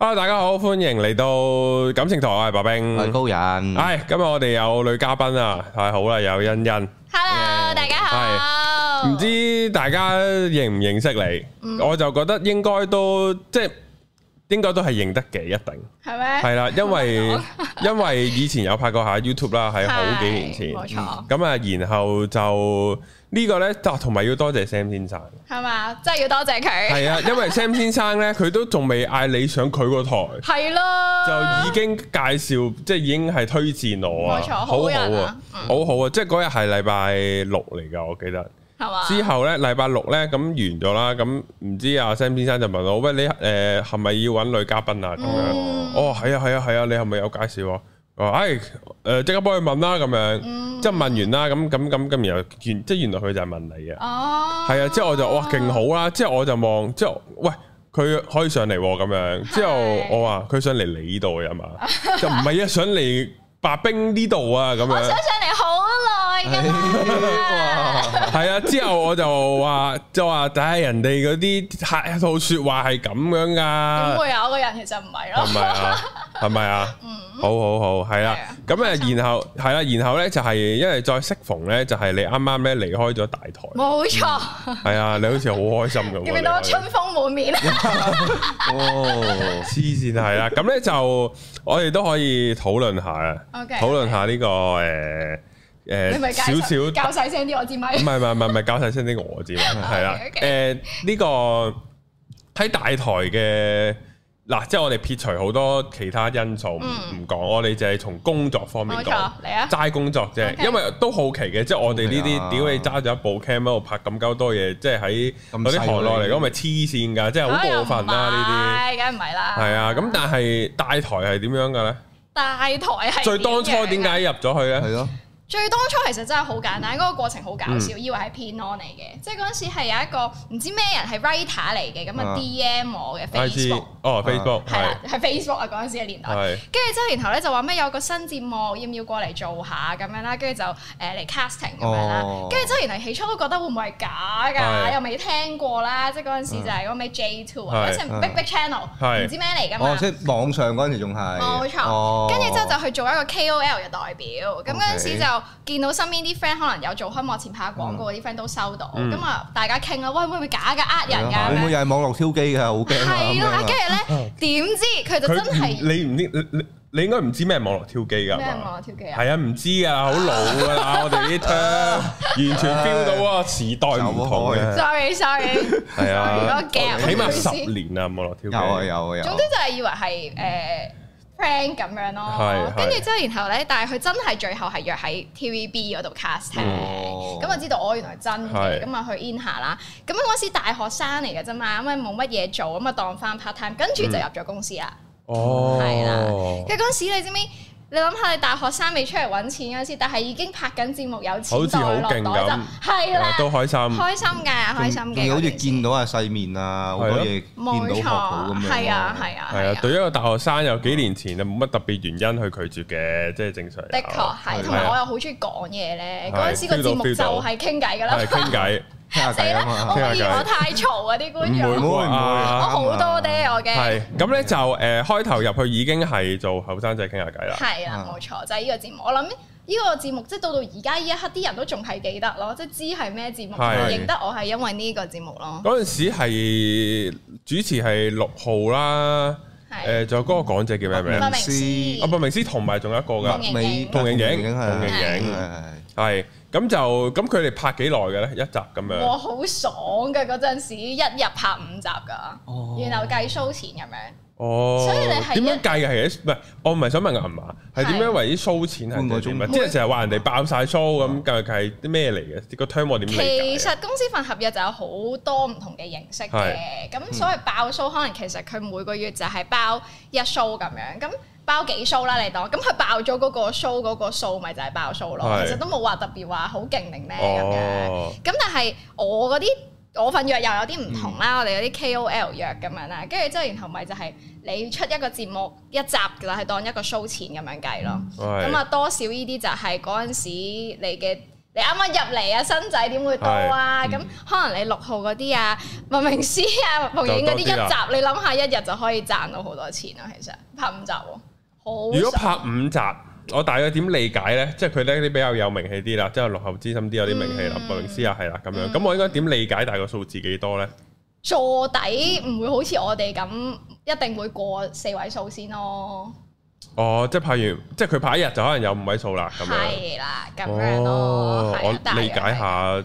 啊！Hello, 大家好，歡迎嚟到感情台，我係白兵、我係高人。係、哎、今日我哋有女嘉賓啊，太好啦！有欣茵。Hello，大家好。唔、哎、知大家認唔認識你？嗯、我就覺得應該都即係。應該都係認得嘅，一定係咩？係啦嗎，因為 因為以前有拍過下 YouTube 啦，係好幾年前，咁啊、嗯，然後就呢、這個呢，啊同埋要多謝 Sam 先生，係嘛？真係要多謝佢。係啊，因為 Sam 先生呢，佢 都仲未嗌你上佢個台，係咯的，就已經介紹，即係已經係推薦我，冇錯，好好啊，好好啊、嗯，即係嗰日係禮拜六嚟㗎，我記得。之後咧，禮拜六咧咁完咗啦，咁唔知阿、啊、Sam 先生就問我：喂，你誒係咪要揾女嘉賓啊？咁樣、嗯、哦，係啊，係啊，係啊，你係咪有介紹啊？我話誒誒，即、哎呃、刻幫佢問啦，咁樣，嗯、即問完啦，咁咁咁，跟住又原即原來佢就係問你嘅。哦，係啊，之後我就哇勁好啦，之後我就望之後，喂，佢可以上嚟喎、啊，咁樣，之後我話佢上嚟你度啊嘛，就唔係啊， 上嚟白兵呢度啊，咁樣，想上嚟係 啊， 之後我就話，就話睇下人哋嗰啲客套說話係咁樣噶。會有個人其實唔係咯，係咪 啊？係咪啊？好好好，係啦、啊。咁誒、啊臭，然後係啦，然後咧就係因為再適逢咧，就係你啱啱咩離開咗大台。冇錯錯。係、嗯、啊，你好似好開心咁、啊。點到春風滿面？ 哦，黐線係啦。咁咧就我哋都可以討論下啊，討論 Okay, 下呢、這個誒。呃你咪誒少少教細聲啲我字唔係唔係教細聲啲我字，係啦。誒呢個喺大台嘅嗱，即係我哋撇除好多其他因素唔唔講，我哋就係從工作方面講，嚟齋工作啫。因為都好奇嘅，即係我哋呢啲屌你揸咗一部 cam 喺度拍咁鳩多嘢，即係喺嗰啲行內嚟講，咪黐線噶，即係好過分啦呢啲。係梗唔係啦。係啊，咁但係大台係點樣嘅咧？大台係最當初點解入咗去咧？係咯。最當初其實真係好簡單，嗰個過程好搞笑，以為係偏 on 嚟嘅，即係嗰陣時係有一個唔知咩人係 writer 嚟嘅，咁啊 DM 我嘅 Facebook，哦 Facebook，係啦，係 Facebook 啊嗰陣時嘅年代，跟住之後，然後咧就話咩有個新節目，要唔要過嚟做下咁樣啦？跟住就誒嚟 casting 咁樣啦。跟住之後，原來起初都覺得會唔會係假㗎？又未聽過啦，即係嗰陣時就係嗰咩 J Two 啊，即係 Big Big Channel，唔知咩嚟㗎嘛？即係網上嗰陣時仲係冇錯。跟住之後就去做一個 KOL 嘅代表，咁嗰陣時就。見到身邊啲 friend 可能有做開幕前拍廣告啲 friend 都收到，咁啊大家傾啦，喂會唔會假嘅呃人㗎？會唔會又係網絡挑機㗎？好驚啊！係啦，跟住咧點知佢就真係你唔知，你你你應該唔知咩網絡挑機㗎？咩網絡挑機啊？係啊，唔知啊，好老㗎啦！我哋呢聽完全變到啊時代唔同嘅。Sorry，sorry，係啊，起碼十年啊網絡挑機有啊有啊有。總之就係以為係誒。friend 咁樣咯，跟住之後，然後咧，但係佢真係最後係約喺 TVB 嗰度 casting，咁啊、嗯、知道我原來真嘅，咁啊是去 in 下啦。咁嗰時大學生嚟嘅啫嘛，咁啊冇乜嘢做，咁啊當翻 part time，跟住就入咗公司啦、嗯。哦，係啦，跟住嗰時你知唔知？你諗下，你大學生未出嚟揾錢嗰時，但係已經拍緊節目有錢好似好勁就係啦，都開心，開心㗎，開心嘅。你好似見到阿世面啊，我覺得見到學係啊，係啊，係啊。對一個大學生，有幾年前就冇乜特別原因去拒絕嘅，即係正常。的確係，同埋我又好中意講嘢咧。嗰陣時個節目就係傾偈㗎啦。係傾偈。聽下偈啦，我唔嫌我太嘈啊！啲觀眾唔唔會，我好多爹。我驚。係咁咧，就誒開頭入去已經係做後生仔傾下偈啦。係啊，冇錯，就係呢個節目。我諗呢呢個節目，即係到到而家依一刻，啲人都仲係記得咯，即係知係咩節目，認得我係因為呢個節目咯。嗰陣時係主持係六號啦，係誒，仲有嗰個講者叫咩名師？啊，麥明詩同埋仲有一個嘅，潘建建，潘建建，影。建係咁就咁，佢哋拍幾耐嘅咧？一集咁樣。哇！好爽嘅嗰陣時，一日拍五集噶，然後計 show 錢咁樣。哦。所以你係點樣計嘅？係唔係？我唔係想問銀碼，係點樣為啲 show 錢係點樣？即係成日話人哋爆晒 show 咁計唔計啲咩嚟嘅？個 term 我點？其實公司份合約就有好多唔同嘅形式嘅。咁所謂爆 show，可能其實佢每個月就係包一 show 咁樣咁。包幾 show 啦？你當咁佢爆咗嗰個 show 嗰個數 show，是，咪就係爆 show 咯。其實都冇話特別話好勁定咩咁嘅。咁、哦、但係我嗰啲我份約又有啲唔同啦。嗯、我哋嗰啲 KOL 約咁樣啦，跟住之後然後咪就係你出一個節目一集，其實係當一個 show 錢咁樣計咯。咁啊、嗯嗯、多少呢啲就係嗰陣時你嘅你啱啱入嚟啊新仔點會多啊？咁是、嗯、可能你六號嗰啲啊文明師啊 就 彭影嗰啲一集一、啊、你諗下一日就可以賺到好多錢啊！其實拍五集喎、啊。如果拍五集，我大概點理解呢？即係佢呢啲比較有名氣啲啦，即係落後資深啲，有啲名氣啦，博萊、嗯、斯啊，係啦咁樣。咁、嗯、我應該點理解大個數字幾多呢？坐底唔會好似我哋咁，一定會過四位數先咯。哦，即係拍完，即係佢拍一日就可能有五位數啦。係啦，咁樣，哦、咁樣咯。的我理解下。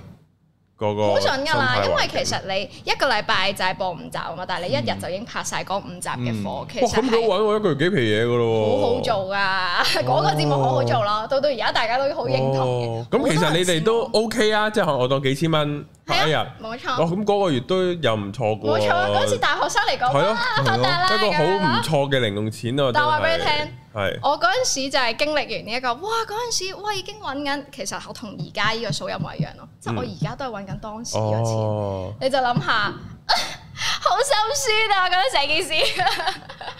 好準噶啦，因為其實你一個禮拜就係播五集啊嘛，但係你一日就已經拍晒嗰五集嘅課。其實咁都揾我一個月幾皮嘢噶咯。好好做噶，嗰個節目好好做咯，到到而家大家都好認同。咁其實你哋都 OK 啊，即係我當幾千蚊一日。冇錯。咁嗰個月都又唔錯噶。冇錯，嗰次大學生嚟講，係咯，得一個好唔錯嘅零用錢啊。但話俾你聽。我嗰陣時就係經歷完呢、呢、一個，哇！嗰陣時哇已經揾緊，其實我同而家呢個數又唔一樣咯。即係、嗯、我而家都係揾緊當時嗰錢，哦、你就諗下，好心酸啊！講呢成件事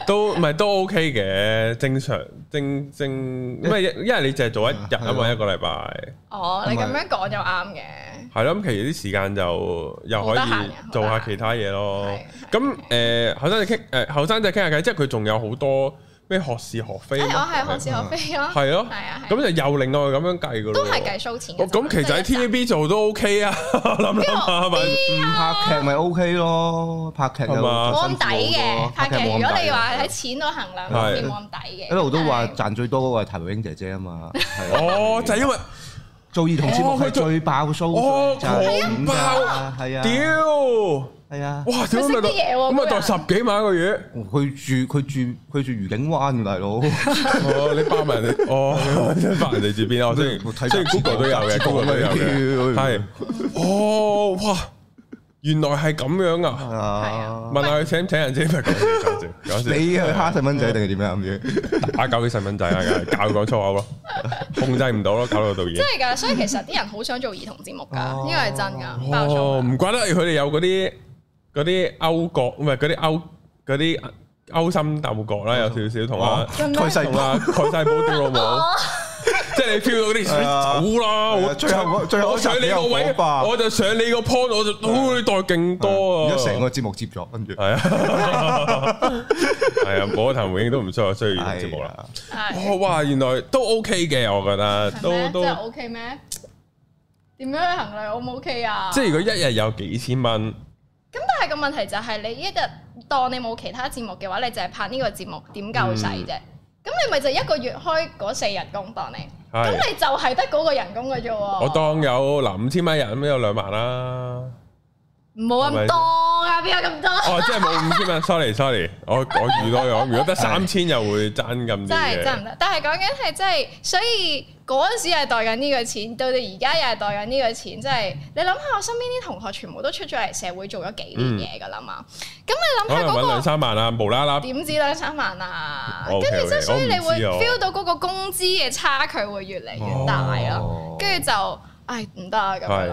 都唔係都 OK 嘅，正常正正，正，因為因為你淨係做一日啊嘛，一個禮拜。哦，你咁樣講又啱嘅。係咯是，咁其實啲時間就又可以做下其他嘢咯。咁誒，後生仔傾誒，後生仔傾下偈，即係佢仲有好多。咩學是學非啊！我係學是學非咯，係咯，係啊，咁就又令到佢咁樣計噶咯，都係計數錢。我咁其實喺 TVB 做都 OK 啊，諗諗下，拍劇咪 OK 咯，拍劇又冇咁抵嘅，拍劇如果你話喺錢度衡量，係冇咁抵嘅。一路都話賺最多嗰個係譚玉瑛姐姐啊嘛，係啊。哦，就因為。做兒童節目係、哦、最爆數嘅、哦，係啊！係啊！屌係啊！哇！屌乜嘢咁啊？就十幾萬一個月，佢住佢住佢住愉景灣大佬， 哦！你包埋你哦，包埋你人哋住邊啊？先， 即係 Google 都有嘅，Google 都有嘅，係 哦！哇！原來係咁樣啊！問下佢請唔請人啫？唔係搞笑搞笑。你去蝦細蚊仔定係點樣諗嘅？打攪啲細蚊仔啊，搞佢講粗口咯，控制唔到咯，搞到到嘢。真係㗎，所以其實啲人好想做兒童節目㗎，呢個係真㗎，唔怪得佢哋有嗰啲嗰啲勾角，唔係嗰啲勾嗰啲勾心鬥角啦，有少少同啊，退細同啊，蓋世寶丟老母。嚟跳到啲水走啦！我最後最後上你個位，我就上你個 point，我就會袋勁多啊！而家成個節目接咗，跟住係啊，係啊，我陳欣茵都唔錯，追完節目啦。哦，哇，原來都 OK 嘅，我覺得都都 OK 咩？點樣衡量 O 唔 OK 啊？即係如果一日有幾千蚊，咁但係個問題就係你一日當你冇其他節目嘅話，你就係拍呢個節目，點夠使啫？咁你咪就一個月開嗰四日工當你。咁你就係得嗰個人工嘅啫、哦、我當有嗱五千蚊一日咁有兩萬啦、啊，冇咁多。 有咁多？哦，即係冇五千蚊，sorry，sorry，我我預多咗。如果得三千，又會爭咁啲。真係真唔得。但係講緊係真係，所以嗰陣時係代緊呢個錢，到到而家又係代緊呢個錢。即係你諗下，我身邊啲同學全部都出咗嚟社會做咗幾年嘢㗎啦嘛。咁你諗下嗰個兩三萬啊，無啦啦點止兩三萬啊？跟住即係所以你會 feel 到嗰個工資嘅差距會越嚟越大咯。跟住就。唉，唔得啊咁樣。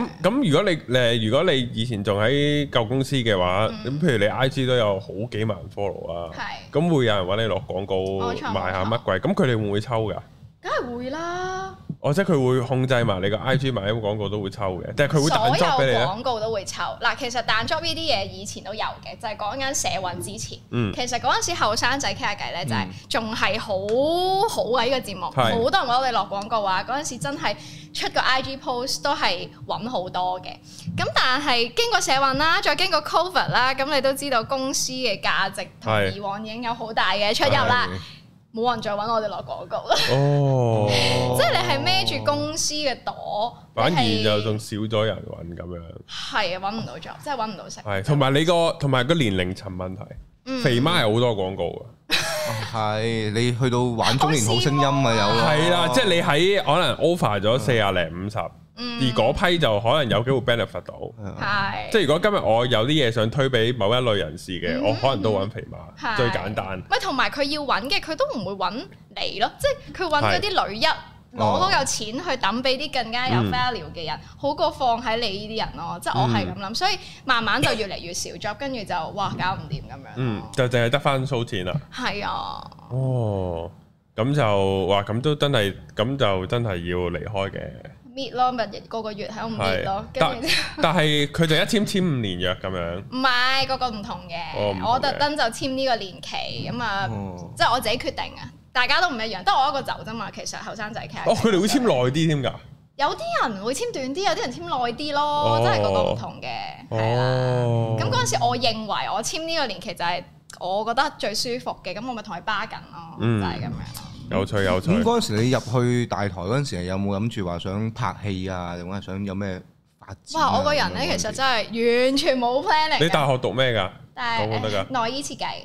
咁咁，如果你誒，如果你以前仲喺舊公司嘅話，咁譬如你 I G 都有好幾萬 follow 啊，咁會有人揾你落廣告賣下乜鬼？咁佢哋會唔會抽㗎？梗係會啦。或者佢會控制埋你個 I G 賣啲廣告都會抽嘅，但係佢會所有廣告都會抽嗱。其實彈 job 呢啲嘢以前都有嘅，就係講緊社運之前。其實嗰陣時後生仔傾下偈咧，就係仲係好好嘅呢個節目，好多人揾我哋落廣告啊！嗰陣時真係。出個 IG post 都係揾好多嘅，咁但係經過社運啦，再經過 Cover 啦，咁你都知道公司嘅價值同以往已經有好大嘅出入啦，冇的人再揾我哋攞廣告啦。哦，即係 你係孭住公司嘅朵，哦就是、反而就仲少咗人揾咁樣。係啊，揾唔到咗，即係揾唔到食。係，同埋你、個同埋個年齡層問題，嗯、肥媽係好多廣告㗎。係、哦，你去到玩中年好聲音啊，有係啦，啊啊、即係你喺可能 offer 咗四啊零五十，嗯、而嗰批就可能有機會 benefit 到。係、嗯，即係如果今日我有啲嘢想推俾某一類人士嘅，嗯、我可能都揾肥馬、嗯、最簡單。喂，同埋佢要揾嘅，佢都唔會揾你咯，即係佢揾嗰啲女一。攞到有錢去抌俾啲更加有 value 嘅人，嗯、好過放喺你呢啲人咯。即係、嗯、我係咁諗，所以慢慢就越嚟越少 job，跟住就哇搞唔掂咁樣。嗯，就淨係得翻數錢啦。係啊。哦，咁就哇，咁都真係，咁就真係要離開嘅。滅咯，咪個個月喺度滅咯。跟住，但係佢就，就一簽簽五年約咁樣。唔係，個個唔同嘅。哦、同我特登就簽呢個年期咁啊，哦哦、即係我自己決定啊。大家都唔一樣，得我一個走啫嘛。其實後生仔劇哦，佢哋會簽耐啲添㗎。有啲人會簽短啲，有啲人簽耐啲咯，真係個個唔同嘅，係啦、哦。咁嗰陣時，我認為我簽呢個年期就係我覺得最舒服嘅。咁我咪同佢巴緊咯，就係咁樣。有趣，有趣。咁嗰陣時你入去大台嗰陣時，有冇諗住話想拍戲啊？定係想有咩發展、啊？哇！我個人咧，其實真係完全冇 planning。你大學讀咩㗎？講得㗎，內衣設計。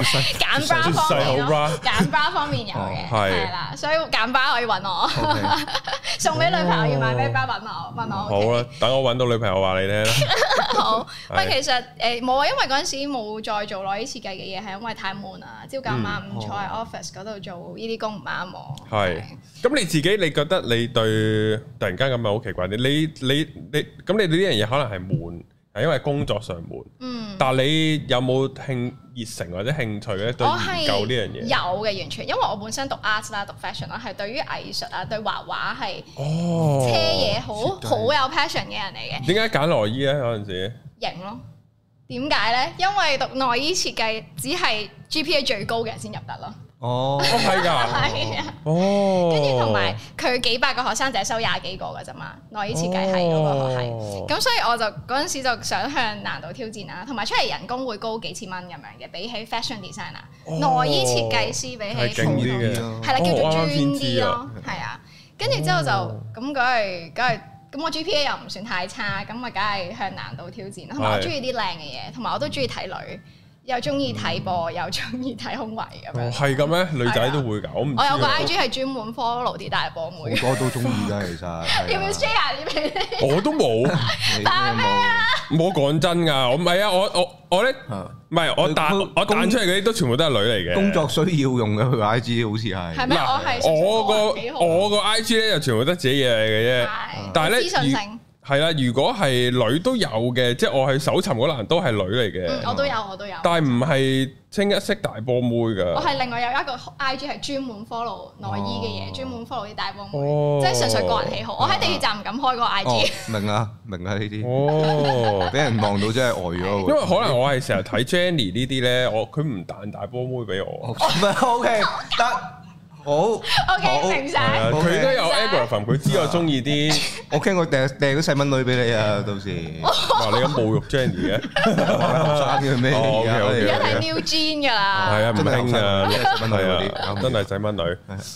揀 bra 方面咯，揀 bra 方面有嘅，係啦，所以揀 bra 可以揾我，送俾女朋友要買咩 bra 啊？我問下我。好啦，等我揾到女朋友話你聽啦。好，喂，其實誒，冇啊，因為嗰陣時冇再做內衣設計嘅嘢，係因為太悶啊，朝九晚五坐喺 office 嗰度做呢啲工唔啱我。係，咁你自己你覺得你對突然間咁樣好奇怪啲？你你你咁你哋呢樣嘢可能係悶？係因為工作上悶，嗯，但係你有冇興熱誠或者興趣咧？對研究呢樣嘢有嘅完全，因為我本身讀 art 啦，讀 fashion 啦，係對於藝術啊，對畫畫係車嘢好好有 passion 嘅人嚟嘅。點解揀內衣咧嗰陣時？型咯，點解咧？因為讀內衣設計只係 GPA 最高嘅人先入得咯。哦，係啊，係啊，哦，跟住同埋佢幾百個學生就收廿幾個噶啫嘛，內衣設計係嗰個學系，咁所以我就嗰陣時就想向難度挑戰啦，同埋出嚟人工會高幾千蚊咁樣嘅，比起 fashion designer，內衣設計師比起係勁啲嘅，係啦叫做專啲咯，係啊，跟住之後就咁嗰係，咁我 GPA 又唔算太差，咁咪梗係向難度挑戰，同埋我中意啲靚嘅嘢，同埋我都中意睇女。又中意睇波，又中意睇胸圍咁樣，係嘅咩？女仔都會㗎，我唔。我有個 I G 係專門 follow 啲大波妹。好多都中意㗎，其實。要唔要 share 啲俾你？我都冇。但係咩啊？冇講真㗎，我唔係啊，我我我咧，唔係我打我彈出嚟嗰啲都全部都係女嚟嘅，工作需要用嘅佢 I G 好似係。係咩？我係我個我個 I G 咧，又全部得自己嘢嚟嘅啫，但係咧。係啦，如果係女都有嘅，即係我係搜尋嗰欄都係女嚟嘅。嗯，我都有，我都有。但係唔係清一色大波妹㗎。我係另外有一個 IG 係專門 follow 內衣嘅嘢，專門 follow 啲大波妹，即係純粹個人喜好。我喺地鐵站唔敢開嗰個 IG。明啦，明啦呢啲。哦，俾人望到真係呆咗。因為可能我係成日睇 Jenny 呢啲咧，我佢唔彈大波妹俾我。唔係 OK，但。好，佢都有 Abram，佢知我中意啲。我驚掟掟個細蚊女俾你啊，到時嗱你咁侮辱 Jenny 嘅，而家係 New Jeans 噶啦，係啊，唔輕啊，真係細蚊女。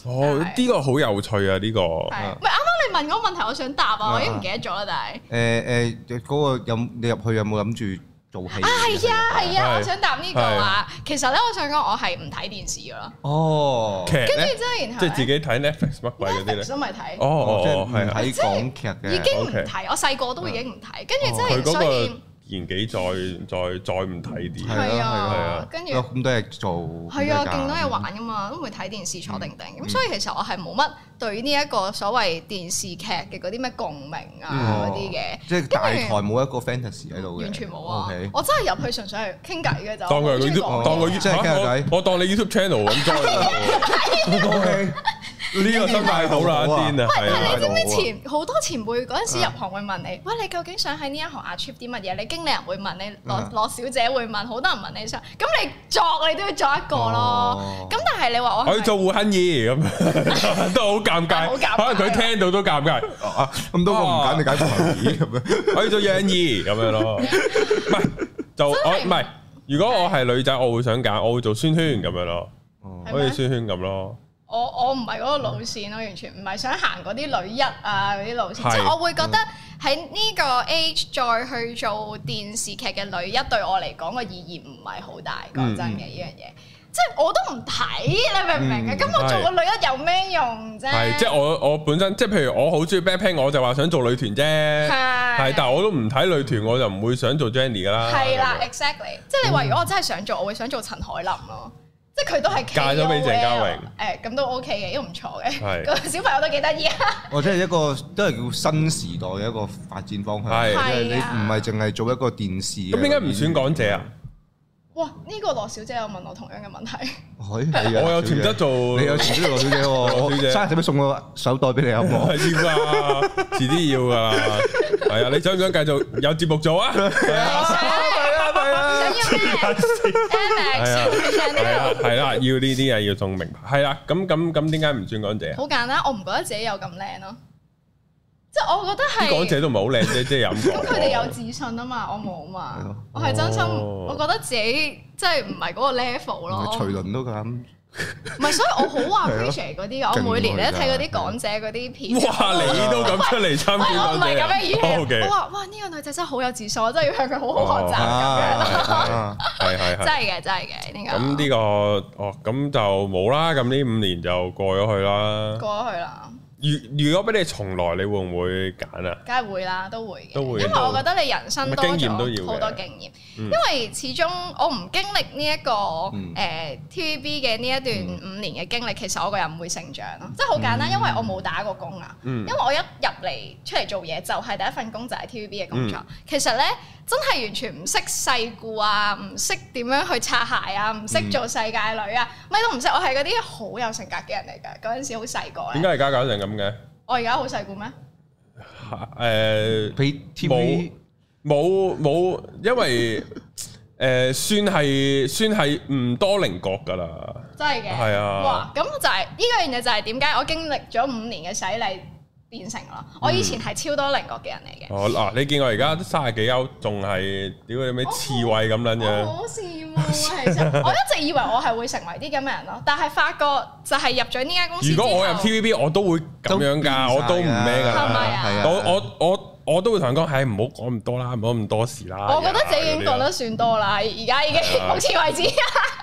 哦，呢個好有趣啊，呢個。唔係啱啱你問嗰個問題，我想答啊，我已經唔記得咗啦，但係。誒誒，嗰個有你入去有冇諗住？啊，係啊，係啊。我想答呢個話。其實咧，我想講我係唔睇電視噶咯。哦，跟住之後，然後即係自己睇 Netflix 乜鬼啲？咧，唔係睇。哦，即係唔睇港劇嘅，已經唔睇。我細個都已經唔睇，跟住之後，所以。年紀再再再唔睇電視，係啊係啊，跟住咁多嘢做係啊，勁多嘢玩噶嘛，咁唔會睇電視坐定定。咁所以其實我係冇乜對呢一個所謂電視劇嘅嗰啲咩共鳴啊嗰啲嘅，即係大台冇一個 fantasy 喺度嘅，完全冇啊！我真係入去純粹係傾偈嘅就當佢係 YouTube，當佢 YouTube，傾下偈，我當你 YouTube channel 咁多嘅。呢個真係好癲啊！喂，係你知唔知前好多前輩嗰陣時入行會問你，喂，你究竟想喺呢一行 Achieve 啲乜嘢？你經理人會問你，洛洛小姐會問，好多人問你想，咁你作你都要作一個咯。咁但係你話我可以做胡杏兒咁，都好尷尬。可能佢聽到都尷尬。啊，咁多個唔揀你揀胡杏兒咁樣，可以做楊怡咁樣咯。唔係就我唔係，如果我係女仔，我會想揀，我會做宣萱咁樣咯。哦，可以宣萱咁咯。我我唔係嗰個路線咯，完全唔係想行嗰啲女一啊嗰啲路線，即係是我會覺得喺呢個 age 再去做電視劇嘅女一對我嚟講個意義唔係好大，講、嗯、真嘅呢樣嘢。即係、就是、我都唔睇，你明唔明啊？咁、嗯、我做個女一有咩用啫？係即係我我本身即係譬如我好中意 BLACKPINK，我就話想做女團啫，係是但係我都唔睇女團，我就唔會想做 Jennie 噶啦。係，exactly，即係你話如果我真係想做，嗯、我會想做陳凱琳咯。即係佢都係嫁咗俾鄭嘉穎，誒咁都 O K 嘅，都唔錯嘅。係個小朋友都幾得意啊！或者係一個都係叫新時代嘅一個發展方向。係你唔係淨係做一個電視咁？點解唔選港姐啊？哇！呢個羅小姐有問我同樣嘅問題。係我有潛質做，你有潛質羅小姐喎。羅小姐生日點送個手袋俾你啊？唔係先生，遲啲要㗎。係啊，你想唔想繼續有節目做啊？係啊？係啊係啦，要呢啲啊，要送名牌係啦。咁咁咁，點解唔選港姐？好簡單，我唔覺得自己有咁靚咯。即係我覺得係港姐都唔係好靚啫，即係咁。咁佢哋有自信啊嘛，我冇嘛。吧我係真心，哦、我覺得自己即係唔係嗰個 level 咯。隨輪都咁。唔係，所以我好話 Rachel 嗰啲我每年咧睇嗰啲港姐嗰啲片。哇，你都咁出嚟參與港姐？我話哇，呢個女仔真係好有自信，真係要向佢好好學習。係係係，真係嘅，真係嘅。呢個咁呢個哦，咁就冇啦，咁呢五年就過咗去啦，過咗去啦。如如果俾你重來，你會唔會揀啊？梗係會啦，都會嘅，會，因為我覺得你人生多咗好多經驗。經驗因為始終我唔經歷呢、這、一個誒 TVB 嘅呢一段五年嘅經歷，其實我個人唔會成長咯。即係好簡單，嗯、因為我冇打過工啊。嗯、因為我一入嚟出嚟做嘢，就係、是、第一份工就係 TVB 嘅工作。嗯、其實呢。真係完全唔識世故啊！唔識點樣去擦鞋啊！唔識做世界女啊！咩、嗯、都唔識。我係嗰啲好有性格嘅人嚟㗎。嗰陣時好細個。點解而家搞成咁嘅？我而家好世故咩？誒、呃，冇冇冇，因為誒、 呃、算係算係唔多稜角㗎啦。真係嘅。係啊。哇！咁就係、是、呢、這個原因就係點解我經歷咗五年嘅洗禮。變成咯，嗯、我以前係超多鄰國嘅人嚟嘅。哦嗱、啊，你見我而家三十幾優，仲係屌有咩刺蝟咁撚樣？可笑喎，我一直以為我係會成為啲咁嘅人咯，但係發覺就係入咗呢間公司之後，如果我入 TVB，我都會咁樣㗎，我都唔咩㗎。係咪啊？我我我。我都會同人講，係唔好講咁多啦，唔好咁多事啦。我覺得自己已經講得算多啦，而家、嗯、已經目前、嗯、為止啦。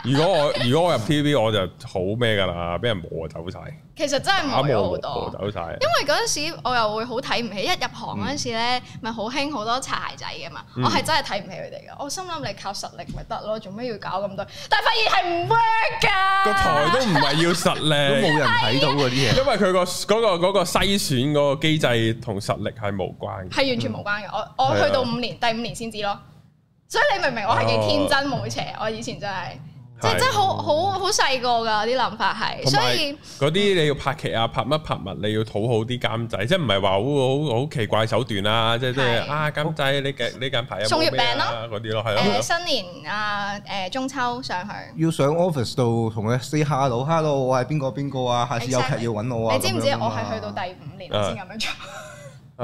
如果我如果我入 TVB 我就好咩㗎啦，俾人磨走晒。其實真係磨好多，磨走曬。因為嗰陣時我又會好睇唔起，一入行嗰陣時咧，咪好興好多擦鞋仔嘅嘛。嗯、我係真係睇唔起佢哋㗎。我心諗你靠實力咪得咯，做咩要搞咁多？但係發現係唔 work 㗎。個台都唔係要實力，都冇 人睇到嗰啲嘢，因為佢、嗰個嗰、嗰個嗰、嗰個嗰個篩選嗰個機制同實力係冇關。係完全冇關嘅，我我去到五年，第五年先知咯。所以你明唔明？我係幾天真冇邪，我以前真係，即係真好好好細個㗎啲諗法係。所以嗰啲你要拍劇啊，拍乜拍物，你要討好啲監製，即係唔係話好好好奇怪手段啊？即係即係啊，監製呢間呢間派一送月餅咯，啲咯係新年啊，誒中秋上去要上 office 度同佢 say hello hello，我係邊個邊個啊？下次有劇要揾我啊！你知唔知我係去到第五年先咁樣做？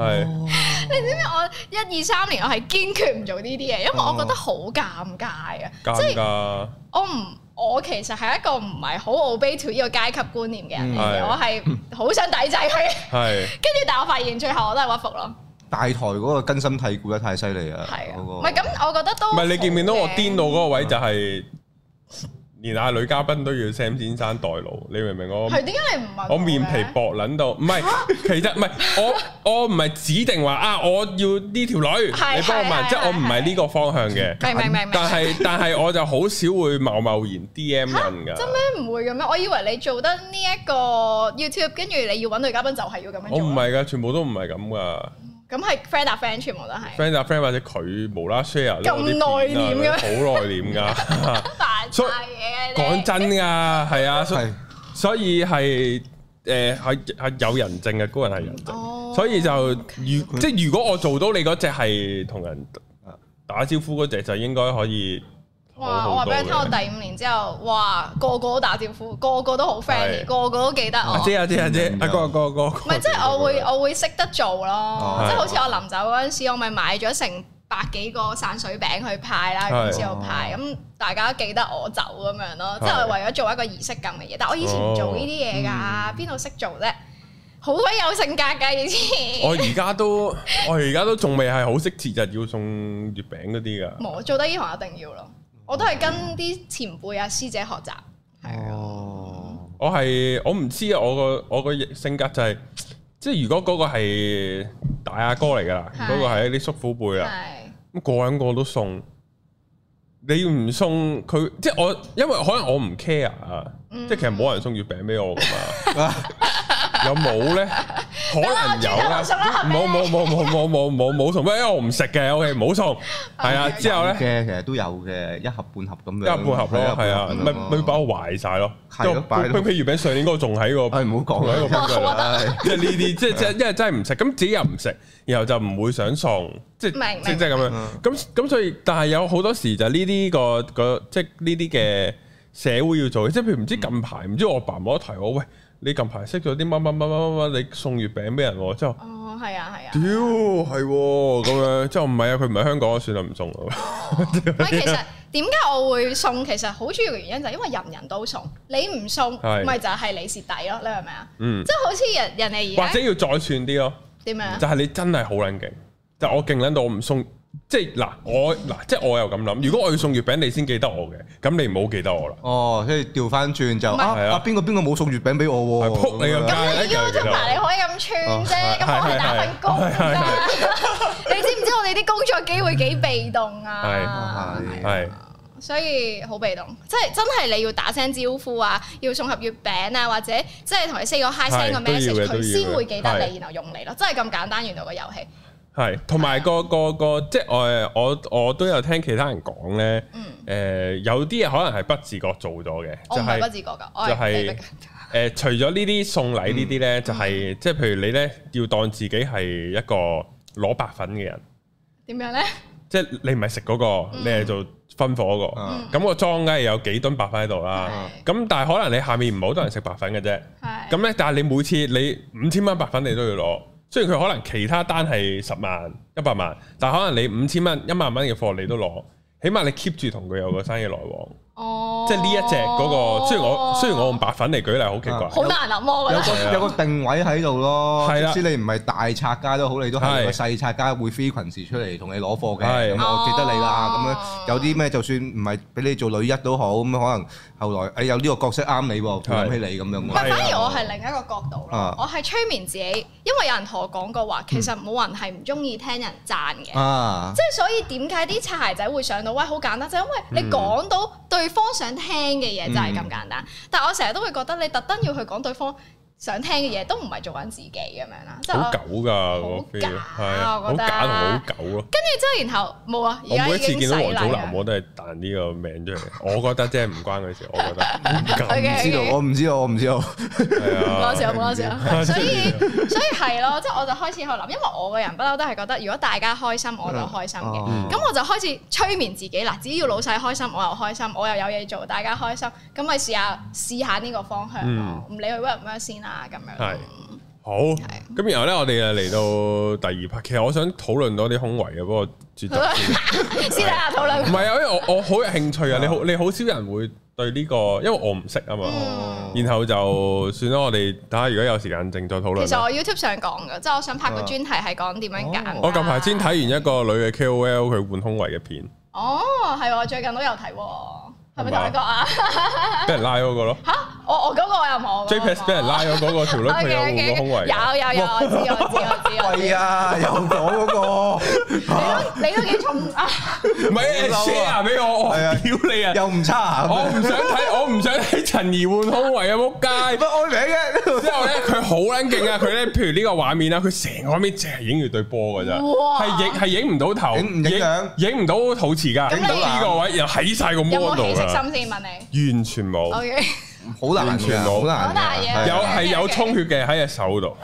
係，是你知唔知我一二三年我係堅決唔做呢啲嘢，因為我覺得好尷尬啊，尬即係我唔，我其實係一個唔係好 obey to 呢個階級觀念嘅人，是我係好想抵制佢，係是，跟住但我發現最後我都係屈服咯。大台嗰個根深蒂固得太犀利啊，係啊，我嗰個，唔係咁，我覺得都唔係你見唔見到我癲到嗰個位就係。是。嗯連阿女嘉賓都要 Sam 先生代勞，你明唔明我？係點解你唔問我？我面皮薄撚到，唔係，蛤其實唔係 我，我唔係指定話啊，我要呢條女， 你幫我問，即係 我唔係呢個方向嘅。明明明， 但係但係我就好少會貿貿然 D M 人㗎。真咩唔會咁樣？我以為你做得呢一個 YouTube，跟住你要揾女嘉賓就係要咁樣做。我唔係㗎，全部都唔係咁㗎。咁係 friend 搭 friend，全部都係 friend 搭 friend，或者佢無啦 share 咁內斂嘅好內斂㗎，所以講你真㗎，係啊，所以是所以係誒係係有人證嘅，高人係人證，oh, 所以就如即係如果我做到你嗰隻係同人打招呼嗰隻，就應該可以。哇！我話俾你聽，我第五年之後，哇個個都打招呼，個個都好 friend，個個都記得我。知啊知啊知！阿哥，個個唔係即係我會我會識得做咯，即係好似我臨走嗰陣時，我咪買咗成百幾個散水餅去派啦，之後派咁大家記得我走咁樣咯，即係為咗做一個儀式感嘅嘢。但我以前唔做呢啲嘢㗎，邊度識做啫？好鬼有性格㗎，以前我而家都我而家都仲未係好識節日要送月餅嗰啲㗎，冇做得呢行一定要咯。我都係跟啲前輩啊師姐學習，係啊，我係我唔知啊，我個我個性格就係、係，即係如果嗰個係大阿哥嚟噶啦，嗰係個係啲叔父輩啊，咁係個人個都送，你要唔送佢，即係我，因為可能我唔 care 啊，嗯、即係其實冇人送月餅俾我噶嘛， 有冇咧？可能有啊，冇冇冇冇冇冇冇冇送咩？因為我唔食嘅，我係冇送。係啊，之後咧其實都有嘅，一盒半盒咁樣。一盒半盒咯，係啊，咪咪擺佢壞曬咯。都擺，譬如魚餅上年嗰個仲喺個，係唔好講。因為呢啲即即一係真係唔食，咁自己又唔食，然後就唔會想送，即即即咁樣。咁咁所以，但係有好多時就呢啲個個即呢啲嘅社會要做，嘅。即譬如唔知近排唔知我爸冇得提我喂。.你近排識咗啲乜乜乜乜乜乜？你送月餅俾人喎，之後哦係啊係啊，屌係喎咁樣，之後唔係啊，佢唔喺香港，算啦唔送咯。喂，其實點解我會送？其實好主要嘅原因就係因為人人都送，你唔送，咪就係你蝕底咯，你係咪啊？嗯，即係好似人人哋或者要再串啲咯。點啊？就係你真係好撚勁，就我勁撚到我唔送。即係嗱，我嗱，即係我又咁諗，如果我要送月餅你先記得我嘅，咁你唔好記得我啦。哦，即係調翻轉就啊，邊個邊個冇送月餅俾我喎？係扑你啊！咁你 u t w i 你可以咁串啫，咁我係打份工你知唔知我哋啲工作機會幾被動啊？係係，所以好被動，即係真係你要打聲招呼啊，要送盒月餅啊，或者即係同你 send 個 hi、send 個 message，佢先會記得你，然後用你咯，真係咁簡單，原來個遊戲。係，同埋個個個即係我，我我都有聽其他人講咧。嗯。誒，有啲嘢可能係不自覺做咗嘅，我係不自覺。我就係誒，除咗呢啲送禮呢啲咧，就係即係譬如你咧，要當自己係一個攞白粉嘅人。點樣咧？即係你唔係食嗰個，你係做分貨嗰個。嗯。咁個莊梗係有幾噸白粉喺度啦。嗯。咁但係可能你下面唔係好多人食白粉嘅啫。係。咁咧，但係你每次你五千蚊白粉你都要攞。雖然佢可能其他單係十萬、一百萬，但係可能你五千蚊、一萬蚊嘅貨你都攞，起碼你 keep 住同佢有個生意來往。哦。即係呢一隻嗰個，雖然我雖然我用白粉嚟舉例，好奇怪，好難諗喎。有，我有個定位喺度咯。係啦、啊，即你唔係大拆家都好，你都係個、啊、細拆家會飛羣時出嚟同你攞貨嘅。咁、啊嗯，我記得你啦。咁、啊、樣有啲咩，就算唔係俾你做女一都好，咁可能後來、哎、有呢個角色啱你喎，諗、啊、起你咁樣。唔係、啊，反而我係另一個角度啦。我係催眠自己，因為有人同我講過話，其實冇人係唔中意聽人讚嘅。即係、嗯、所以點解啲擦鞋仔會上到？喂、哎，好簡單，就因為你講到對方想嗯聽嘅嘢就係咁簡單，嗯、但我成日都會覺得你特登要去講對方。想聽嘅嘢都唔係做緊自己咁樣啦，即係好狗㗎，好假，係啊，好假同好狗咯。跟住之後然後冇啊，而家已經見到黃祖藍我都係彈呢個名出嚟，我覺得即係唔關佢事，我覺得唔知，我唔知我唔知我。冇事冇事，所以所以係咯，即係我就開始去諗，因為我個人不嬲都係覺得，如果大家開心我就開心嘅，咁我就開始催眠自己啦。只要老細開心，我又開心，我又有嘢做，大家開心，咁咪試下試下呢個方向唔理佢 work 唔 work 先啦。咁樣係好，係咁是然後咧，我哋啊嚟到第二 part 其實我想討論多啲胸圍嘅，不過絕對私底下討論，唔係啊，因為我我好有興趣啊， 你好你好少人會對呢、這個，因為我唔識啊嘛，嗯、然後就算啦，我哋睇下如果有時間，正在討論。其實我 YouTube 想講噶，即係我想拍個專題係講點樣揀。哦、我近排先睇完一個女嘅 KOL 佢換胸圍嘅片。哦，係我、哦、最近都有睇。邊個啊？俾人拉咗個咯。吓？我我嗰個我又冇。JPS 俾人拉咗嗰個條女佢又換胸圍。有有有，我知我知我知我。貴啊！又攞嗰個。你都幾重啊？唔係咩 share 啊？俾我。係啊！屌你啊！又唔差我唔想睇，我唔想睇陳怡換胸圍啊！撲街。唔得我名嘅。之後咧，佢好撚勁啊！佢咧，譬如呢個畫面啦，佢成個畫面淨係影住對波㗎咋。哇！係影係影唔到頭。影唔影？影唔到肚臍㗎。影到呢個位又喺晒個 model 啊！心先問你，完全冇。Okay. 好難傳好難有係有充血嘅喺隻手度。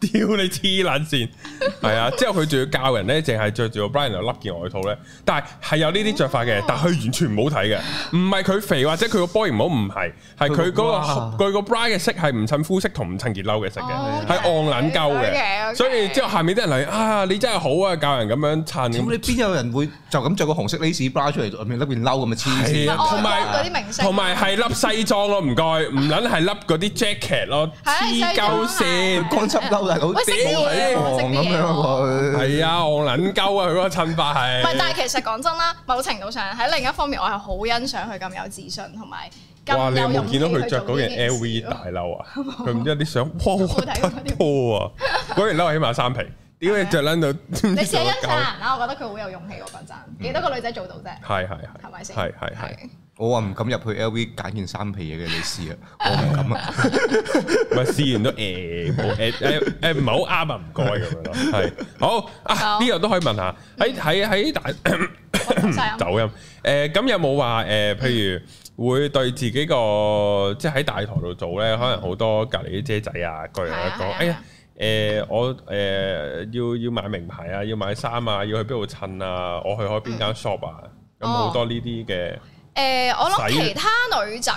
屌你黐撚線，係啊！之後佢仲要教人咧，淨係着住個 bra 然後笠件外套咧。但係係有呢啲着法嘅，但係佢完全唔好睇嘅。唔係佢肥或者佢個波唔好唔係，係佢嗰個嗰個 bra 嘅色係唔襯膚色同唔襯件褸嘅色嘅，係暗撚鳩嘅。所以之後下面啲人嚟啊，你真係好啊，教人咁樣撐。咁你邊有人會就咁着個紅色 lace bra 出嚟，入面笠件褸咁啊黐線？同埋啲明星同埋。係粒西裝咯，唔該，唔卵係粒嗰啲 jacket 咯，黐鳩線，光插兜嚟，好屌，戇戇咁樣，係啊，我卵鳩啊，佢嗰個襯法係。唔係，但係其實講真啦，某程度上喺另一方面，我係好欣賞佢咁有自信同埋咁有勇氣。哇，你有冇見到佢着嗰件 LV 大褸啊？佢唔知有啲想，哇好睇啲啊，嗰件褸起碼三皮，屌你着卵到？你試下欣賞啊？我覺得佢好有勇氣喎，嗰陣，幾多個女仔做到啫？係係係，係咪先？係係係。我話唔敢入去 LV 揀件衫皮嘢嘅，你試啊！我唔敢啊，咪試完都誒冇誒唔係好啱啊，唔該咁樣咯。係好啊，呢個都可以問下喺喺喺大 走音誒咁、欸、有冇話誒？譬、欸、如會對自己個即係喺大堂度做咧，可能好多隔離啲姐仔啊，一個人講哎呀誒我誒要要買名牌啊，要買衫啊，要去邊度襯啊？我去開邊間 shop 啊？咁好、嗯嗯哦、多呢啲嘅。誒、呃，我諗其他女仔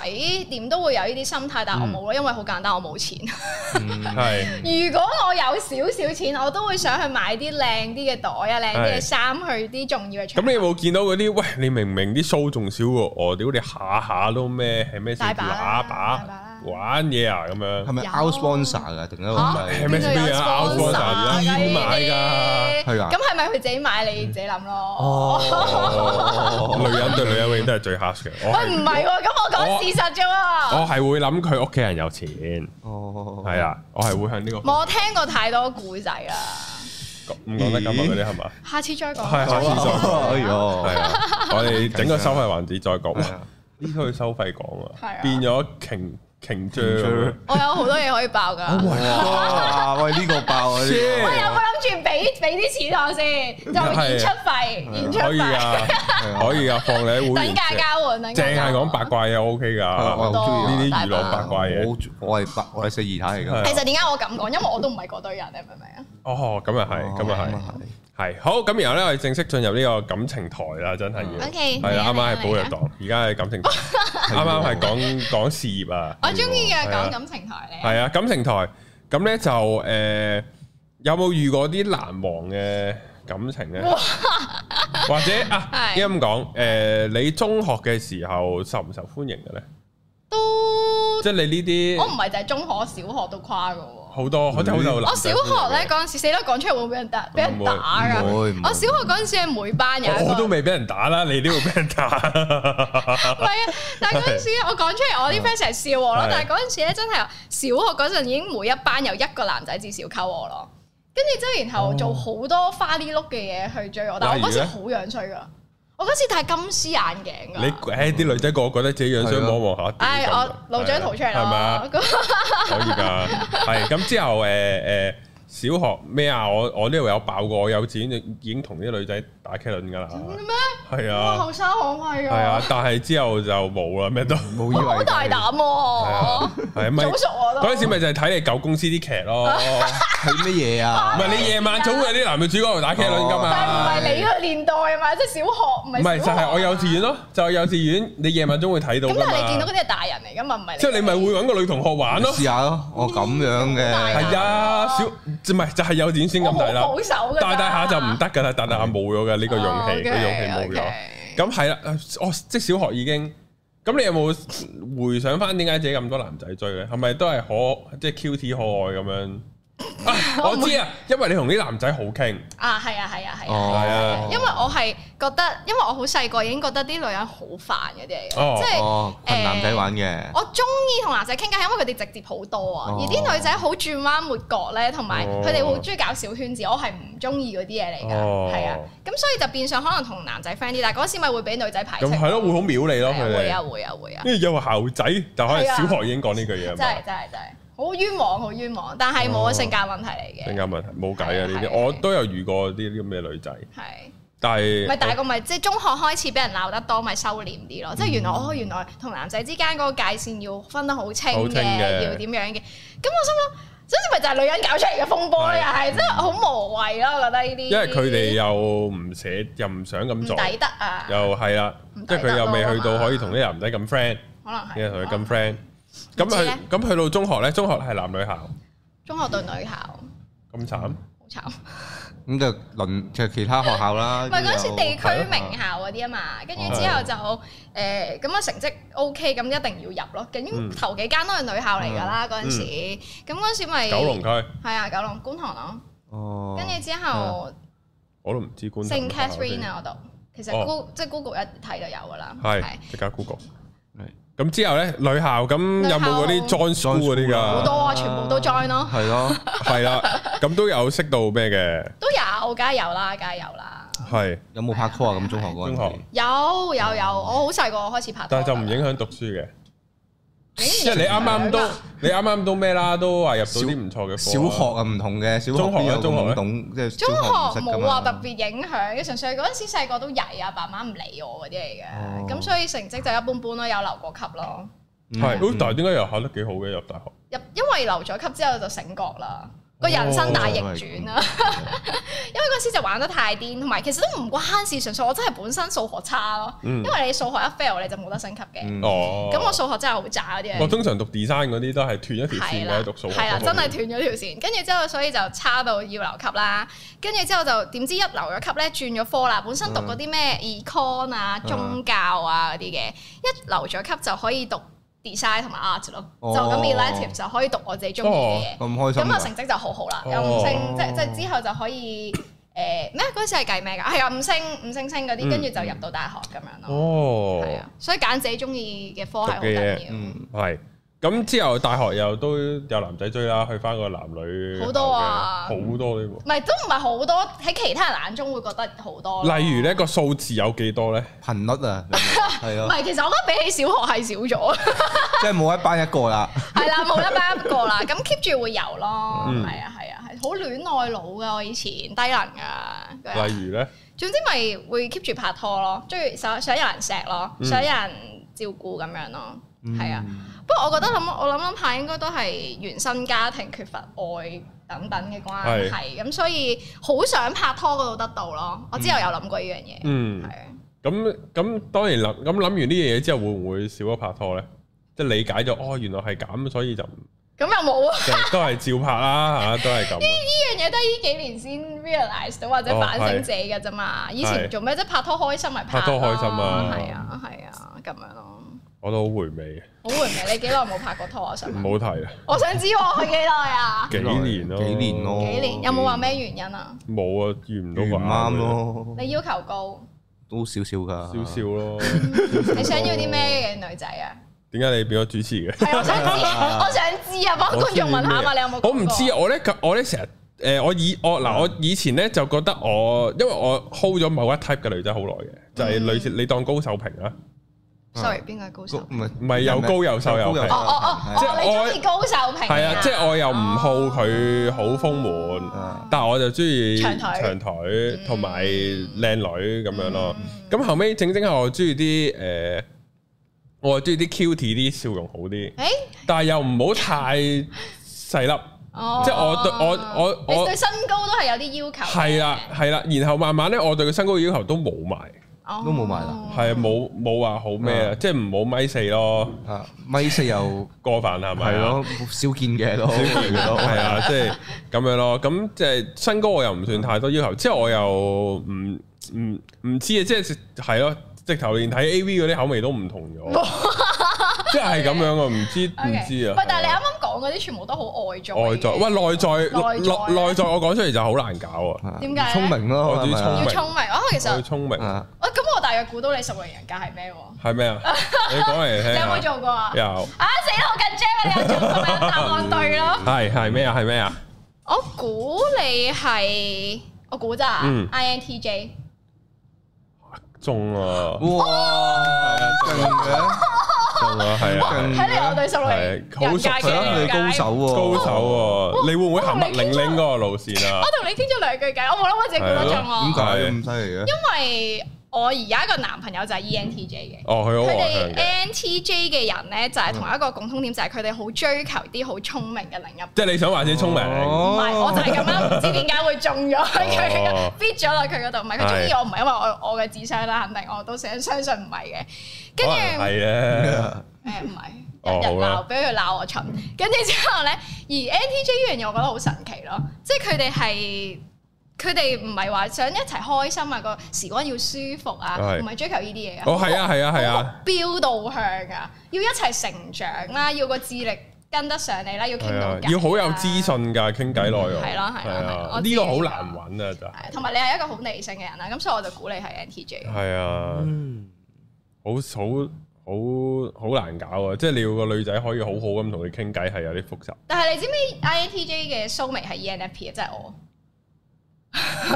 點都會有呢啲心態，但我冇咯，嗯、因為好簡單，我冇錢。係、嗯。 如果我有少少錢，我都會想去買啲靚啲嘅袋，有靚啲嘅衫去啲重要嘅場。咁你有冇見到嗰啲？喂，你明唔明啲數仲少喎，我、哦、屌你下下都咩？係咩？大把。玩嘢啊咁樣，係咪 house sponsor 噶定咗？唔係，係咩 house sponsor，自己買㗎，係啊。咁係咪佢自己買？你自己諗咯。哦，女人對女人永遠都係最 house 嘅。喂唔係喎，咁我講事實啫喎。我係會諗佢屋企人有錢。哦，係啊，我係會向呢個。我聽過太多故仔啦。唔講得咁密嗰啲係嘛？下次再講。係，下次再哦。係啊，我哋整個收費環節再講。呢句收費講啊，變咗瓊。情將，我有好多嘢可以爆噶，哇！喂呢個爆啊，我有冇諗住俾俾啲錢我先，就演出費，演出可以啊，可以啊，放你，等價交換啊，淨係講八卦又 OK 噶，我好中意呢啲娛樂八卦嘢，我係白，我係四二太嚟噶。其實點解我咁講，因為我都唔係嗰堆人，你明唔明啊？哦，咁又係，咁又係。係好咁，然後咧我哋正式進入呢個感情台啦，真係要 OK，係啦，啱啱係寶藥黨，而家係感情台，啱啱係講講事業啊！我中意嘅係講感情台咧，係啊，感情台咁咧就誒，有冇遇過啲難忘嘅感情咧？或者啊，依家咁講，誒，你中學嘅時候受唔受歡迎嘅咧？都即係你呢啲，我唔係就係中學、小學都誇噶。好多，好似好受男。我小學咧嗰陣時，死都講出嚟會俾人打，俾人打㗎。我小學嗰陣時每班人都未俾人打啦，你都要俾人打。唔係啊，但係嗰陣時我講出嚟，我啲 friend 成日笑我咯。但係嗰陣時咧真係小學嗰陣已經每一班有一個男仔至少溝我咯。跟住之後，然後做好多花哩碌嘅嘢去追我，但係嗰時好樣衰㗎。我嗰次戴金絲眼鏡噶，你誒啲女仔個個覺得自己樣、嗯、相摸望下，唉，我攞張圖出嚟，係咪啊？可以㗎，係咁之後誒誒。呃呃小學咩啊？我我呢度有爆過，我幼稚園已經同啲女仔打茄輪噶啦。咁嘅咩？後生可畏啊！係啊，但係之後就冇啦，咩都冇。以為好大膽喎！係啊，咪，啊，唔係嗰陣時咪就係睇你舊公司啲劇咯。睇乜嘢啊？唔係你夜晚鐘有啲男女主角喺度打茄輪噶嘛？但係唔係你嘅年代啊嘛，即係小學咪，唔係就係我幼稚園咯，就係幼稚園，你夜晚鐘會睇到。咁但係你見到嗰啲係大人嚟噶嘛？唔係。即係你咪會搵個女同學玩咯？試下咯，我咁樣嘅，係啊，小。唔係就係、是、有點先咁大啦，大大下就唔得噶啦，大大下冇咗嘅呢個勇氣，嘅勇氣冇咗。咁係啦，我、哦、即係小學已經。咁你有冇回想返點解自己咁多男仔追咧？係咪都係可即係 cutie 可愛咁樣？我知啊，因為你同啲男仔好傾啊。係啊係啊係啊，係啊，因為我係覺得，因為我好細個已經覺得啲女人好煩嗰啲嚟嘅，即係同男仔玩嘅。我中意同男仔傾偈，因為佢哋直接好多啊，而啲女仔好轉彎抹角咧，同埋佢哋會中意搞小圈子，我係唔中意嗰啲嘢嚟噶，係啊。咁所以就變相可能同男仔 friend 啲，但係嗰時咪會俾女仔排斥。咁係咯，會好秒你咯。會啊會啊會啊。因為又校仔，就可能小學已經講呢句嘢。真係真係真係。好冤枉，好冤枉，但係冇個性格問題嚟嘅。性格問題冇計啊！呢啲，我都有遇過啲啲咁嘅女仔。係，但係咪大個咪即係中學開始俾人鬧得多咪收斂啲咯？即係原來哦，原來同男仔之間嗰個界線要分得好清嘅，要點樣嘅？咁我心諗，所以咪就係女人搞出嚟嘅風波又係，真係好無謂咯！覺得呢啲，因為佢哋又唔捨又唔想咁做抵得啊，又係啦，即係佢又未去到可以同啲男仔咁 friend，可能係，因為同佢咁 friend。咁去咁去到中學咧？中學係男女校？中學對女校？咁慘？好慘！咁就輪就其他學校啦。唔係嗰陣時地區名校嗰啲啊嘛，跟住之後就誒，咁啊成績 OK，咁一定要入咯。咁頭幾間都係女校嚟噶啦嗰陣時。咁嗰陣時咪九龍區？係啊，九龍觀塘咯。哦。跟住之後，我都唔知觀塘。聖 Catherine 喺嗰度，其實 Go 即係 Google 一睇就有噶啦。係，即刻 Google。咁之後咧，女校咁、嗯、有冇嗰啲 join 嗰啲噶？好多啊，全部都 join 咯、啊。係咯、啊，係啦、啊，咁都有識到咩嘅？都有，梗係有啦，梗係有啦。係、啊、有冇拍拖啊？咁中學嗰個中學有有有，我好細個開始拍拖。但係就唔影響讀書嘅。即係你啱啱都 你啱啱都咩啦，都話入到啲唔錯嘅小學啊，唔同嘅小學懂、中學啊、學懂中學咧，中學冇話特別影響嘅，純粹嗰陣時細個都曳啊，爸媽唔理我嗰啲嚟嘅，咁、哦、所以成績就一般般咯，有留過級咯。係、嗯，但係點解又考得幾好嘅入大學？入因為留咗級之後就醒覺啦。個人生大逆轉啦！Oh、my 因為嗰時就玩得太癲，同埋其實都唔關事，純粹我真係本身數學差咯。Mm. 因為你數學一 fail，你就冇得升級嘅。哦。咁我數學真係好渣嗰啲嘢。我、oh, 通常讀 design 嗰啲都係斷咗條，啦條線，係讀數學。係啦，真係斷咗條線。跟住之後，所以就差到要留級啦。跟住之後就點知一留咗級咧，轉咗科啦。本身讀嗰啲咩 econ 啊、宗教啊嗰啲嘅，一留咗級就可以讀。design 同埋 art 咯、哦，就咁 relative 就可以讀我自己中意嘅嘢，咁我、哦啊、成績就好好啦，有五星，哦、即即之後就可以誒咩嗰時係計咩㗎？係、哎、啊，五星五星星嗰啲，跟住、嗯、就入到大學咁樣咯，係啊、哦，所以揀自己中意嘅科係好緊要，嗯，係。咁之後大學又都有男仔追啦，去翻個男女好多啊，好多呢、啊、喎。唔係都唔係好多喺其他人眼中會覺得好多、啊。例如呢個數字有幾多咧？頻率啊，係 啊。唔係，其實我覺得比起小學係少咗。即係冇一班一個啦。係啦、 啊，冇一班一個啦。咁 keep 住會有咯，係、嗯、啊，係啊，係好、啊啊、戀愛腦㗎。我以前低能㗎。例如咧？總之咪會 keep 住拍拖咯，咯，中意想想有人錫咯，想有人照顧咁樣咯。係啊，不過我覺得諗，我諗諗下應該都係原生家庭缺乏愛等等嘅關係，咁所以好想拍拖嗰度得到咯。我之後有諗過呢樣嘢，嗯，係啊。咁咁當然諗，咁諗完呢樣嘢之後，會唔會少咗拍拖咧？即係理解咗，哦，原來係咁，所以就咁又冇啊，都係照拍啦嚇，都係咁。呢呢樣嘢都係呢幾年先 realise 到或者反省自己嘅啫嘛。以前做咩？即係拍拖開心咪拍拖開心啊，係啊，係啊，咁樣咯。我都好回味，好回味。你幾耐冇拍過拖啊？想唔好提啊！我想知喎，佢幾耐啊？幾年咯，幾年咯，幾年？有冇話咩原因啊？冇啊，遇唔到唔啱咯。你要求高，高少少噶，少少咯。你想要啲咩嘅女仔啊？點解你變咗主持嘅、 哎？我想知啊，我想知啊！幫觀眾問下嘛，麼你有冇？我唔知啊！我咧，我咧成日誒，我以我嗱、呃，我以前咧就覺得我，因為我 hold 咗某一 type 嘅女仔好耐嘅，就係、是、類似你當高手萍啊。嗯 Sorry，邊個係高瘦？唔係唔係又高又瘦又平？哦哦哦，你中意高瘦平。係啊，即係我又唔好佢好豐滿，但係我就中意長腿同埋靚女咁樣咯。咁後尾整整下，我中意啲誒，我中意啲 cute 啲笑容好啲。誒，但係又唔好太細粒。即係我對我我我對身高都係有啲要求。係啦係啦，然後慢慢咧，我對佢身高要求都冇埋。都冇買啦，係啊，冇冇話好咩啊？即係唔好米四咯，米四又過份係咪？係咯，少見嘅都少見嘅咯，係啊，即係咁樣咯。咁即係身高我又唔算太多要求，即係我又唔唔唔知啊。即係係咯，即係直頭連睇 A V 嗰啲口味都唔同咗，即係係咁樣啊？唔知唔知啊？但係你啱啱講嗰啲全部都好外在，外在喂內在內內在，我講出嚟就好難搞啊！點解聰明咯？要聰明啊！其實聰明。我估到你十位人格係咩？係咩啊？你講嚟聽。你有冇做過啊？有。啊死得好緊張啊！你有做過咩答案對咯？係係咩啊？係咩啊？我估你係我估咋？嗯，INTJ。中啊！哇！係啊！係啊！喺你答案對十位人格嘅，你高手高手。你會唔會行零零嗰個路線啊？我同你傾咗兩句偈，我冇諗過自己估得中啊！點解咁犀利嘅？因為我而家一個男朋友就係 ENTJ 嘅，佢哋 ENTJ 嘅人咧就係同一個共通點，就係佢哋好追求啲好聰明嘅另一半。即係你想話啲聰明？唔係，我就係咁樣，唔知點解會中咗佢，fit 咗落佢嗰度。唔係佢中意我，唔係因為我我嘅智商啦，肯定我都想相信唔係嘅。跟住係啊，誒唔係日日鬧，俾佢鬧我蠢。跟住之後咧，而 ENTJ 呢樣嘢，我覺得好神奇咯，即係佢哋係。佢哋唔係話想一齊開心啊，個時光要舒服啊，唔係追求呢啲嘢嘅。哦，係啊，係啊，係啊，目標導向啊，要一齊成長啦，要個智力跟得上你啦，要傾到要好有資訊㗎，傾偈內容係咯，係啊，呢個好難揾啊，就係，同埋你係一個好理性嘅人啦，咁所以我就估你係 NTJ。係啊，好好好好難搞啊，即係你要個女仔可以好好咁同你傾偈係有啲複雜。但係你知唔知 INTJ 嘅蘇眉係 ENFP 啊，即係我。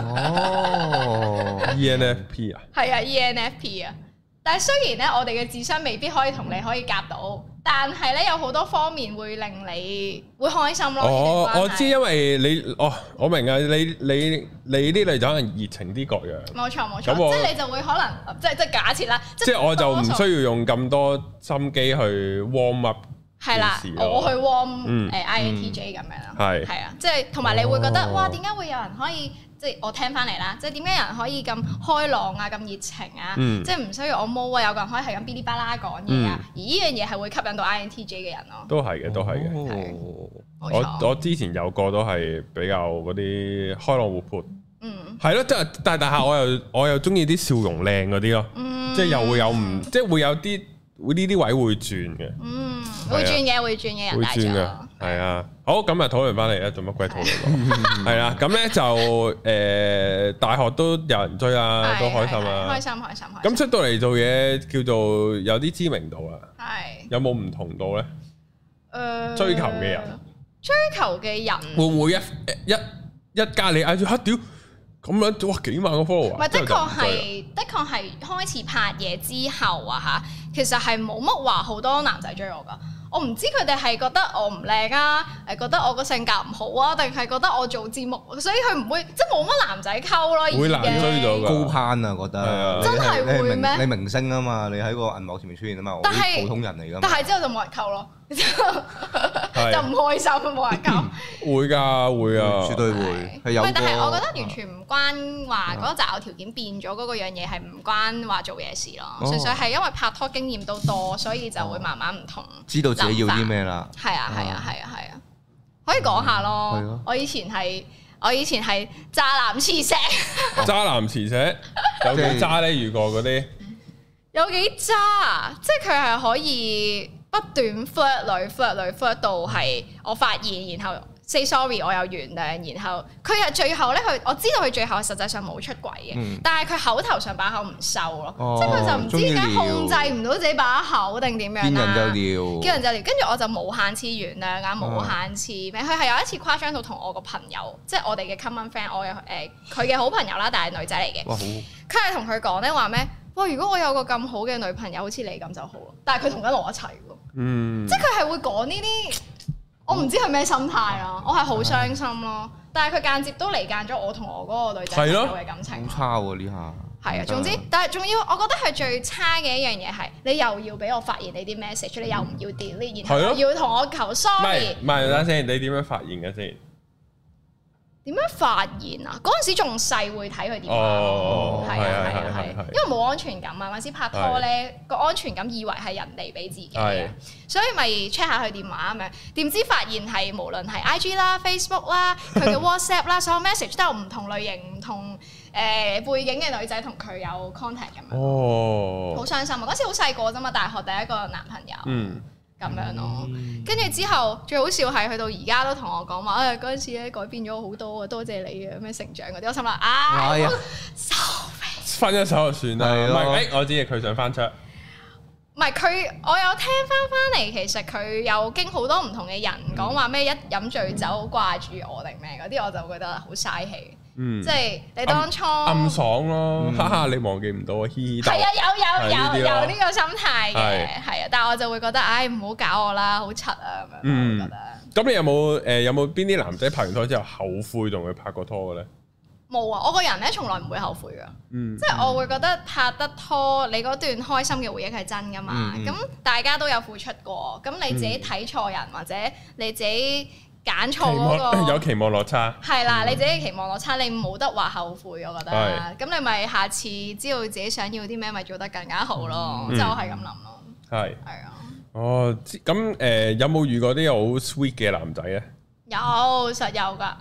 哦、 oh，ENFP 啊，係啊，ENFP 啊。但係雖然咧，我哋嘅智商未必可以同你可以夾到，但係咧有好多方面會令你會開心咯、啊。哦、我知，因為你，哦，我明啊，你你你呢類就可能熱情啲各樣。冇錯冇錯，錯我即係你就會可能，即係即係假設啦。即係我就唔需要用咁多心機去 warm up。係啦，我去 warm 誒 INTJ 咁樣啦，係 啊樂，即係同埋你會覺得哇，點解會有人可以即係我聽翻嚟啦？即係點解人可以咁開朗啊，咁熱情啊？即係唔需要我摸啊，有個人可以係咁噼里啪啦講嘢啊，嗯、而呢樣嘢係會吸引到 INTJ 嘅人咯、嗯嗯嗯嗯嗯。都係嘅，都係嘅。是錯我我之前有個都係比較嗰啲開朗活潑，嗯，係咯，即係大大下我又我又中意啲笑容靚嗰啲咯，即係、嗯、又會有唔即係會有啲。會呢啲位會轉嘅，嗯，會轉嘅，會轉嘅人，會轉嘅，係啊，好，咁啊討論翻嚟啦，做乜鬼討論啊？係啦，咁咧就誒大學都有人追啊，都開心啊，開心開心開心。咁出到嚟做嘢叫做有啲知名度啊，係，有冇唔同到咧？誒，追求嘅人，追求嘅人會唔會一一一加你嗌住黑屌？咁樣哇幾萬個 follower 唔係的確係的確係開始拍嘢之後啊嚇，其實係冇乜話好多男仔追我噶，我唔知佢哋係覺得我唔靚啊，係覺得我個性格唔好啊，定係覺得我做節目，所以佢唔會即係冇乜男仔溝咯，已經會難追到高攀啊覺得真係會咩？你明星啊嘛，你喺個銀幕前面出現啊嘛，但係我啲普通人嚟噶，但係之後就冇人溝咯。就唔開心冇人咁？會㗎會啊，絕對會。係，但係我覺得完全唔關話嗰個擇偶條件變咗嗰個樣嘢，係唔關話做嘢事咯，純粹係因為拍拖經驗都多，所以就會慢慢唔同，知道自己要啲咩啦。係啊係啊係啊係啊，可以講下咯。我以前係我以前係渣男磁石，渣男磁石有幾渣咧？如果嗰啲有幾渣，即係佢係可以。不斷 flirt 女，flirt 女，flirt 到係我發現，然後 say sorry，我又原諒，然後佢又最後咧，佢我知道佢最後實際上冇出軌嘅，嗯、但係佢口頭上把口唔收咯，哦、即係佢就唔知點解控制唔到自己把口定點樣啊？叫人就跟住我就無限次原諒啊，無限次咩？佢係有一次誇張到同我個朋友，即係我哋嘅 common friend，我有佢嘅好朋友啦，但係女仔嚟嘅，佢係同佢講咧話咩？哇！如果我有個咁好嘅女朋友，好似你咁就好啊，但係佢同緊我一齊喎，嗯、即係佢係會講呢啲，我唔知佢咩心態啊，我係好傷心咯、啊，的但係佢間接都離間咗我同我嗰個女仔嘅感情，好差喎呢下，係啊的，的總之，的但係仲要，我覺得係最差嘅一樣嘢係，你又要俾我發現你啲 message，你又唔要 delete，的然後要同我求 sorry，唔係等先，你點樣發現嘅先？點樣發現啊？嗰陣時仲細會睇佢電話，係啊係啊係，因為冇安全感啊。嗰陣時拍拖咧，個安全感以為係人哋俾自己嘅，所以咪 check 下佢電話咁樣。點知發現係無論係 IG 啦、Facebook 啦、佢嘅 WhatsApp 啦，所有 message 都有唔同類型、唔同誒背景嘅女仔同佢有 contact 咁樣，哦，好傷心啊！嗰時好細個啫嘛，大學第一個男朋友。咁樣咯、啊，跟住之後最好笑係去到而家都同我講話，哎嗰陣時咧改變咗好多啊，多謝你啊，咩成長嗰啲，我心諗唉分咗手就算啦，唔係、哎、我知佢想翻出。唔係佢，我有聽翻翻嚟，其實佢又經好多唔同嘅人講話咩一飲醉酒掛住我定咩嗰啲，我就覺得好嘥氣。即係你當初暗爽咯，哈哈！你忘記唔到啊，嘻嘻～係啊，有有有有呢個心態嘅，係啊，但係我就會覺得，唉，唔好搞我啦，好柒啊咁樣。嗯，咁你有冇誒有冇邊啲男仔拍完拖之後後悔同佢拍過拖嘅咧？冇啊，我個人咧從來唔會後悔嘅，即係我會覺得拍得拖，你嗰段開心嘅回憶係真㗎嘛？咁大家都有付出過，咁你自己睇錯人或者你自己。揀錯嗰個有期望落差係啦，嗯、你自己期望落差，你冇得話後悔，是我覺得。係。咁你咪下次知道自己想要啲咩，咪做得更加好咯，嗯、就係咁諗咯。係是。係啊啦。哦，咁誒、呃，有冇遇過啲好 sweet 嘅男仔咧？有，實有噶。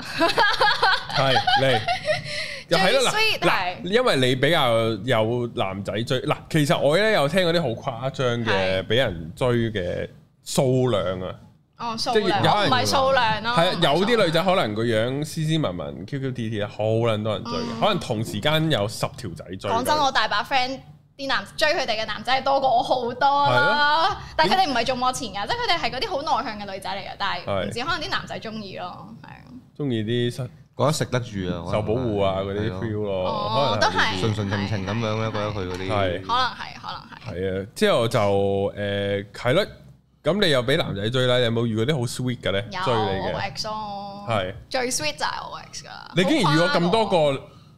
係 嚟。 最 sweet 係。因為你比較有男仔追嗱，其實我咧有聽過啲好誇張嘅，俾人追嘅數量啊。哦，即係有唔係數量咯，係啊，有啲女仔可能個樣斯斯文文、Q Q T T 啊，好撚多人追嘅，可能同時間有十條仔追。講真，我大把 friend 啲男追佢哋嘅男仔係多過我好多啦，但係佢哋唔係做摩錢㗎，即係佢哋係嗰啲好內向嘅女仔嚟嘅，但係唔知可能啲男仔中意咯，係。中意啲覺得食得住啊，受保護啊嗰啲 feel 咯，可能都係順順情情咁樣咧，覺得佢嗰啲係，可能係，可能係。係啊，之後就誒，係啦。咁你又俾男仔追啦？有冇遇過啲好 sweet 嘅咧？追你嘅。係最 sweet 就係我 ex 噶。你竟然遇咗咁多個，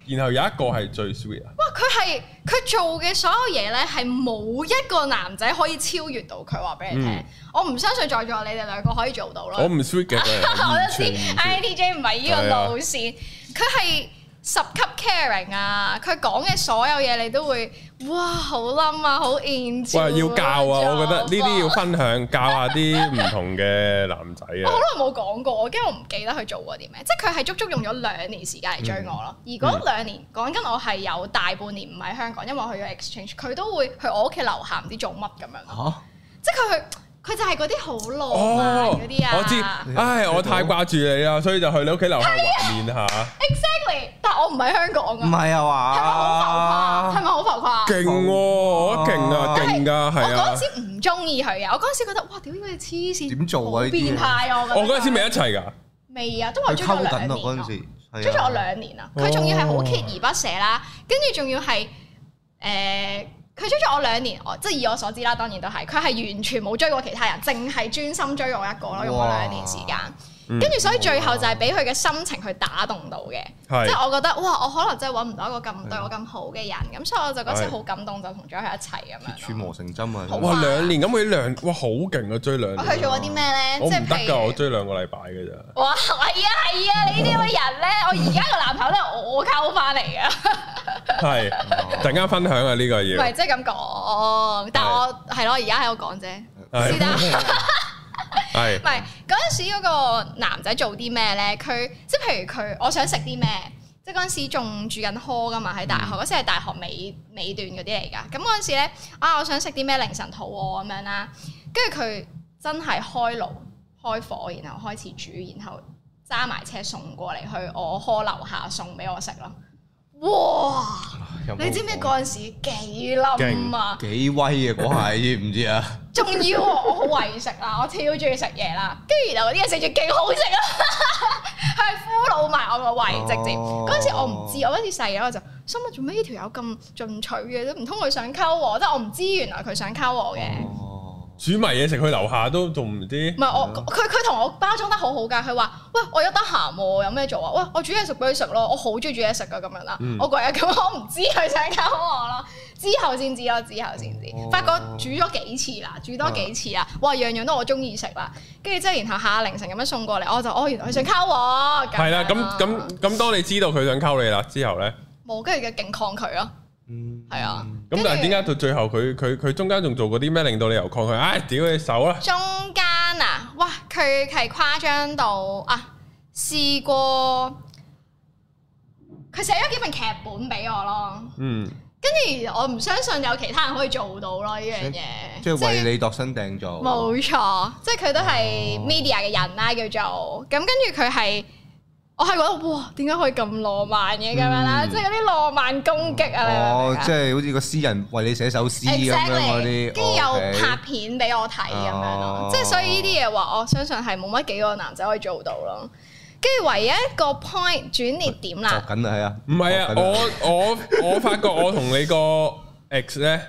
然後有一個係最 sweet 啊！哇！佢係佢做嘅所有嘢咧，係冇一個男仔可以超越到佢，話俾你聽。我唔相信在座你哋兩個可以做到咯。我唔 sweet 嘅，我都知 IDJ 唔係呢個路線，佢係。十級 caring 啊！佢講嘅所有嘢，你都會哇，好冧啊，好 in 超啊喂！要教啊，嗯、我覺得呢啲要分享 教下啲唔同嘅男仔啊！我好耐冇講過，我跟我唔記得佢做過啲咩，即係佢係足足用咗兩年時間嚟追我咯。嗯、而嗰兩年講緊、嗯、我係有大半年唔喺香港，因為我去咗 exchange，佢都會去我屋企樓下唔知做乜咁樣。啊、即係佢。佢就係嗰啲好浪啊，嗰啲啊！我知，唉，我太掛住你啦，所以就去你屋企樓下磨面下。Exactly，但我唔喺香港啊。唔係啊嘛？係咪好浮誇？係咪好浮誇？勁喎，好勁啊，勁㗎，係啊！我嗰陣時唔中意佢啊。我嗰陣時覺得哇，屌佢黐線，點做啊？好變態我！我嗰時未一齊㗎，未啊，都係追咗兩年追咗我兩年啊，佢仲要係好鍥而不捨啦，跟住仲要係誒。佢追咗我兩年，我即係以我所知啦，當然都係，佢係完全冇追過其他人，淨係專心追我一個咯，用咗兩年時間。跟住所以最後就係俾佢嘅心情去打動到嘅，即係我覺得哇，我可能真係揾唔到一個咁對我咁好嘅人，咁所以我就嗰時好感動，就同咗佢一齊咁樣。鐵杵磨成針啊！哇，兩年咁佢兩哇好勁啊，追兩。佢做過啲咩咧？我唔得㗎，我追兩個禮拜㗎咋。哇！係啊係啊，你呢啲咁嘅人咧，我而家個男朋友咧我溝翻嚟㗎。係，突然間分享啊！呢個嘢。唔係即係咁講，但係我係咯，而家喺度講啫，是但。係，唔係嗰陣時嗰個男仔做啲咩咧？佢即係譬如佢，我想食啲咩？即係嗰陣時仲住緊科噶嘛，喺大學嗰時，係大學尾尾段嗰啲嚟噶。咁嗰陣時咧，啊，我想食啲咩？凌晨肚餓咁樣啦，跟住佢真係開爐開火，然後開始煮，然後揸埋車送過嚟去我科樓下送俾我食咯。哇！有有你知唔知嗰陣時幾冧啊？幾威啊嗰下，那個、知唔知啊？仲 要、啊、我好為食啦，我超中意食嘢啦。跟住然後啲嘢食住勁好食啊，係俘虜埋我個胃直接。嗰陣、哦、時我唔知，我嗰陣時細嘅我就心諗做咩呢條友咁進取嘅咧？唔通佢想溝我？即係我唔知原來佢想溝我嘅。哦煮埋嘢食去樓下都仲唔知。唔係我佢佢同我包裝得好好㗎。佢話，喂，我一得閒，有咩做啊？喂，我煮嘢食俾佢食咯。我好中意煮嘢食㗎，咁樣啦。我嗰日咁，我唔知佢想溝我咯。之後先知咯，之後先知。發覺煮咗幾次啦，煮多幾次啦。哇，樣樣都我中意食啦。跟住即係，然後下凌晨咁樣送過嚟，我就，哦，原來佢想溝我。係啦，咁咁咁，當你知道佢想溝你啦，之後咧，冇，跟住嘅勁抗拒咯。啊、嗯，係啊，咁但係點解到最後佢佢佢中間仲做過啲咩令到你又抗拒？唉、哎，屌你手啦！中間啊，哇，佢係誇張到啊，試過佢寫咗幾份劇本俾我咯，嗯，跟住我唔相信有其他人可以做到咯呢樣嘢，嗯、即係為你度身訂造，冇錯錯，哦、即係佢都係 media 嘅人啦，叫做咁，跟住佢係。我係覺得哇，點解可以咁浪漫嘅咁樣啦，即係嗰啲浪漫攻擊啊！哦，即係好似個詩人為你寫首詩咁樣嗰啲，跟住又拍片俾我睇咁樣咯。即係所以呢啲嘢話，我相信係冇乜幾個男仔可以做到咯。跟住唯一一個 point 轉捩點啦，緊啊，係啊，唔係啊，我我我發覺我同你個 ex 咧。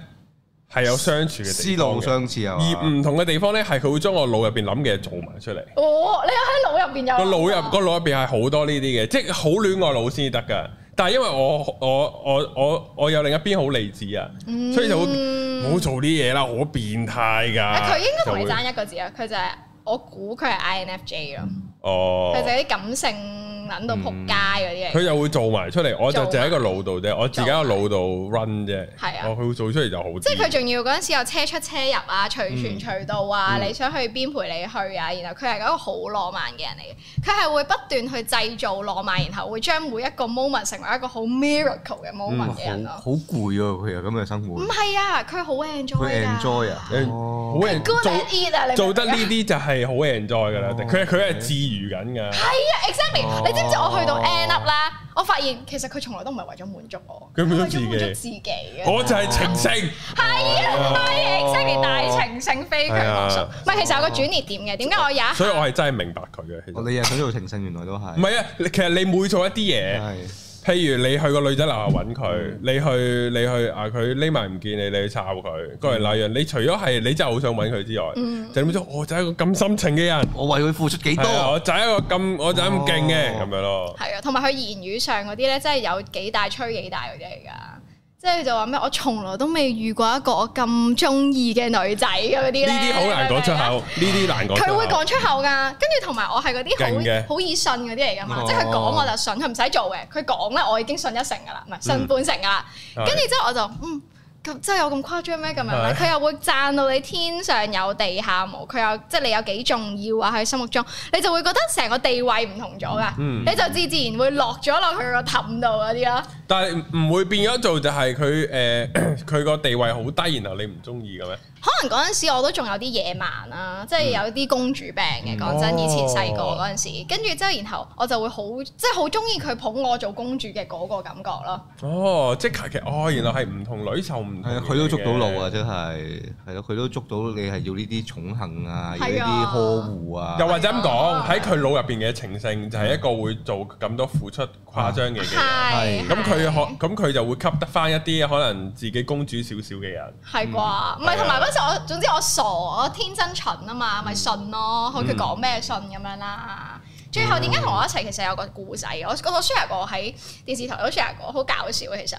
係有相處嘅思路相似啊，而唔同嘅地方咧，係佢會將我腦入邊諗嘅嘢做埋出嚟。哦，你喺腦入邊有個腦，入個腦入邊係好多呢啲嘅，即係好戀愛腦先至得噶。但係因為我我我我我有另一邊好理智啊，所以就會好、嗯、做啲嘢啦，我好變態㗎。佢應該同你爭一個字啊！佢就係會、就係、我估佢係 INFJ 咯、嗯。哦，佢就係啲感性。諗到扑街嗰啲嘢，佢又會做埋出嚟，我就淨喺個腦度啫，我自己個腦度 run 啫。係啊，佢會做出嚟就好。即係佢仲要嗰陣時有車出車入啊，隨傳隨到啊，你想去邊陪你去啊。然後佢係一個好浪漫嘅人嚟嘅，佢係會不斷去製造浪漫，然後會將每一個 moment 成為一個好 miracle 嘅 moment 嘅人啊。好攰喎，佢又咁嘅生活。唔係啊，佢好 enjoy 啊。佢 enjoy 啊，good at it 啊，你做得呢啲就係好 enjoy 㗎啦。佢佢係治癒緊㗎。係啊，exactly。跟住我去到 end up 啦，我發現其實佢從來都唔係為咗滿足我，佢滿足自己，我就係情聖，係啊，係 exactly 大情聖非強男神，唔係其實有個轉捩點嘅，點解我而家？所以我係真係明白佢嘅，其實你又想做情聖，原來都係唔係啊？其實你每做一啲嘢。譬如你去個女仔樓下揾佢、嗯，你去你去啊佢匿埋唔見你，你去抄佢，過嚟那樣，你除咗係你真係好想揾佢之外，嗯、就點樣做？我就係一個咁深情嘅人，我為佢付出幾多？我就係一個咁，我就咁勁嘅咁樣咯。係啊，同埋佢言語上嗰啲咧，真係有幾大吹幾大嘅啫，而家。即係佢就話咩？我從來都未遇過一個我咁中意嘅女仔嘅啲咧。呢啲好難講出口，呢啲難講。佢會講出口㗎，跟住同埋我係嗰啲好好易信嗰啲嚟㗎嘛。即係佢講我就信，佢唔使做嘅。佢講咧，我已經信一成㗎啦，唔係信半成㗎啦。跟住之後我就的嗯。咁真係有咁誇張咩？咁樣咧？佢又會贊到你天上有地下冇。佢又即係、就是，你有幾重要啊？喺心目中，你就會覺得成個地位唔同咗噶，嗯、你就自自然會落咗落去個氹度嗰啲咯。但係唔會變咗做就係佢誒佢個地位好低，然後你唔中意嘅咩？可能嗰陣時我都仲有啲野蠻啊，即係有啲公主病嘅。講真，以前細個嗰陣時，跟住之後，然後我就會好，即係好中意佢捧我做公主嘅嗰個感覺咯。哦，即係其實哦，原來係唔同女受唔，佢都捉到路到啊！真係呀，係咯，佢都捉到你係要呢啲寵幸啊，要呢啲呵護啊。又或者咁講，喺佢腦入邊嘅情聖就係一個會做咁多付出、誇張嘅嘢。係、啊。咁佢可咁佢就會吸得翻一啲可能自己公主少少嘅人。係啩吧？唔係同埋。我總之我傻，我天真蠢啊嘛，咪、嗯、信咯，佢講咩信咁樣啦。嗯、最後點解同我一齊？其實有個故仔，我嗰個 share 過喺電視台都 share 過，好搞笑。其實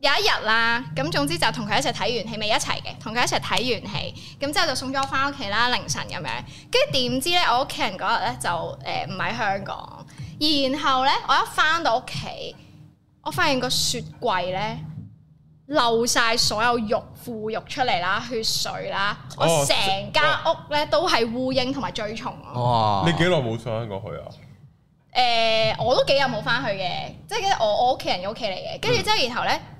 有一日啦，咁、啊、總之就同佢一齊睇完戲咪一齊嘅，同佢一齊睇完戲，咁之後就送咗我翻屋企啦，凌晨咁樣。跟住點知咧，我屋企人嗰日咧就誒唔喺香港，然後咧我一翻到屋企，我發現個雪櫃咧。漏晒所有肉腐肉出嚟啦，血水啦，哦、我成間屋咧都係烏蠅同埋追蟲。哇、哦！你幾耐冇上翻過去啊？誒、呃，我都幾日冇翻去嘅，即、就、係、是、我我屋企人嘅屋企嚟嘅，跟住之後然後咧。嗯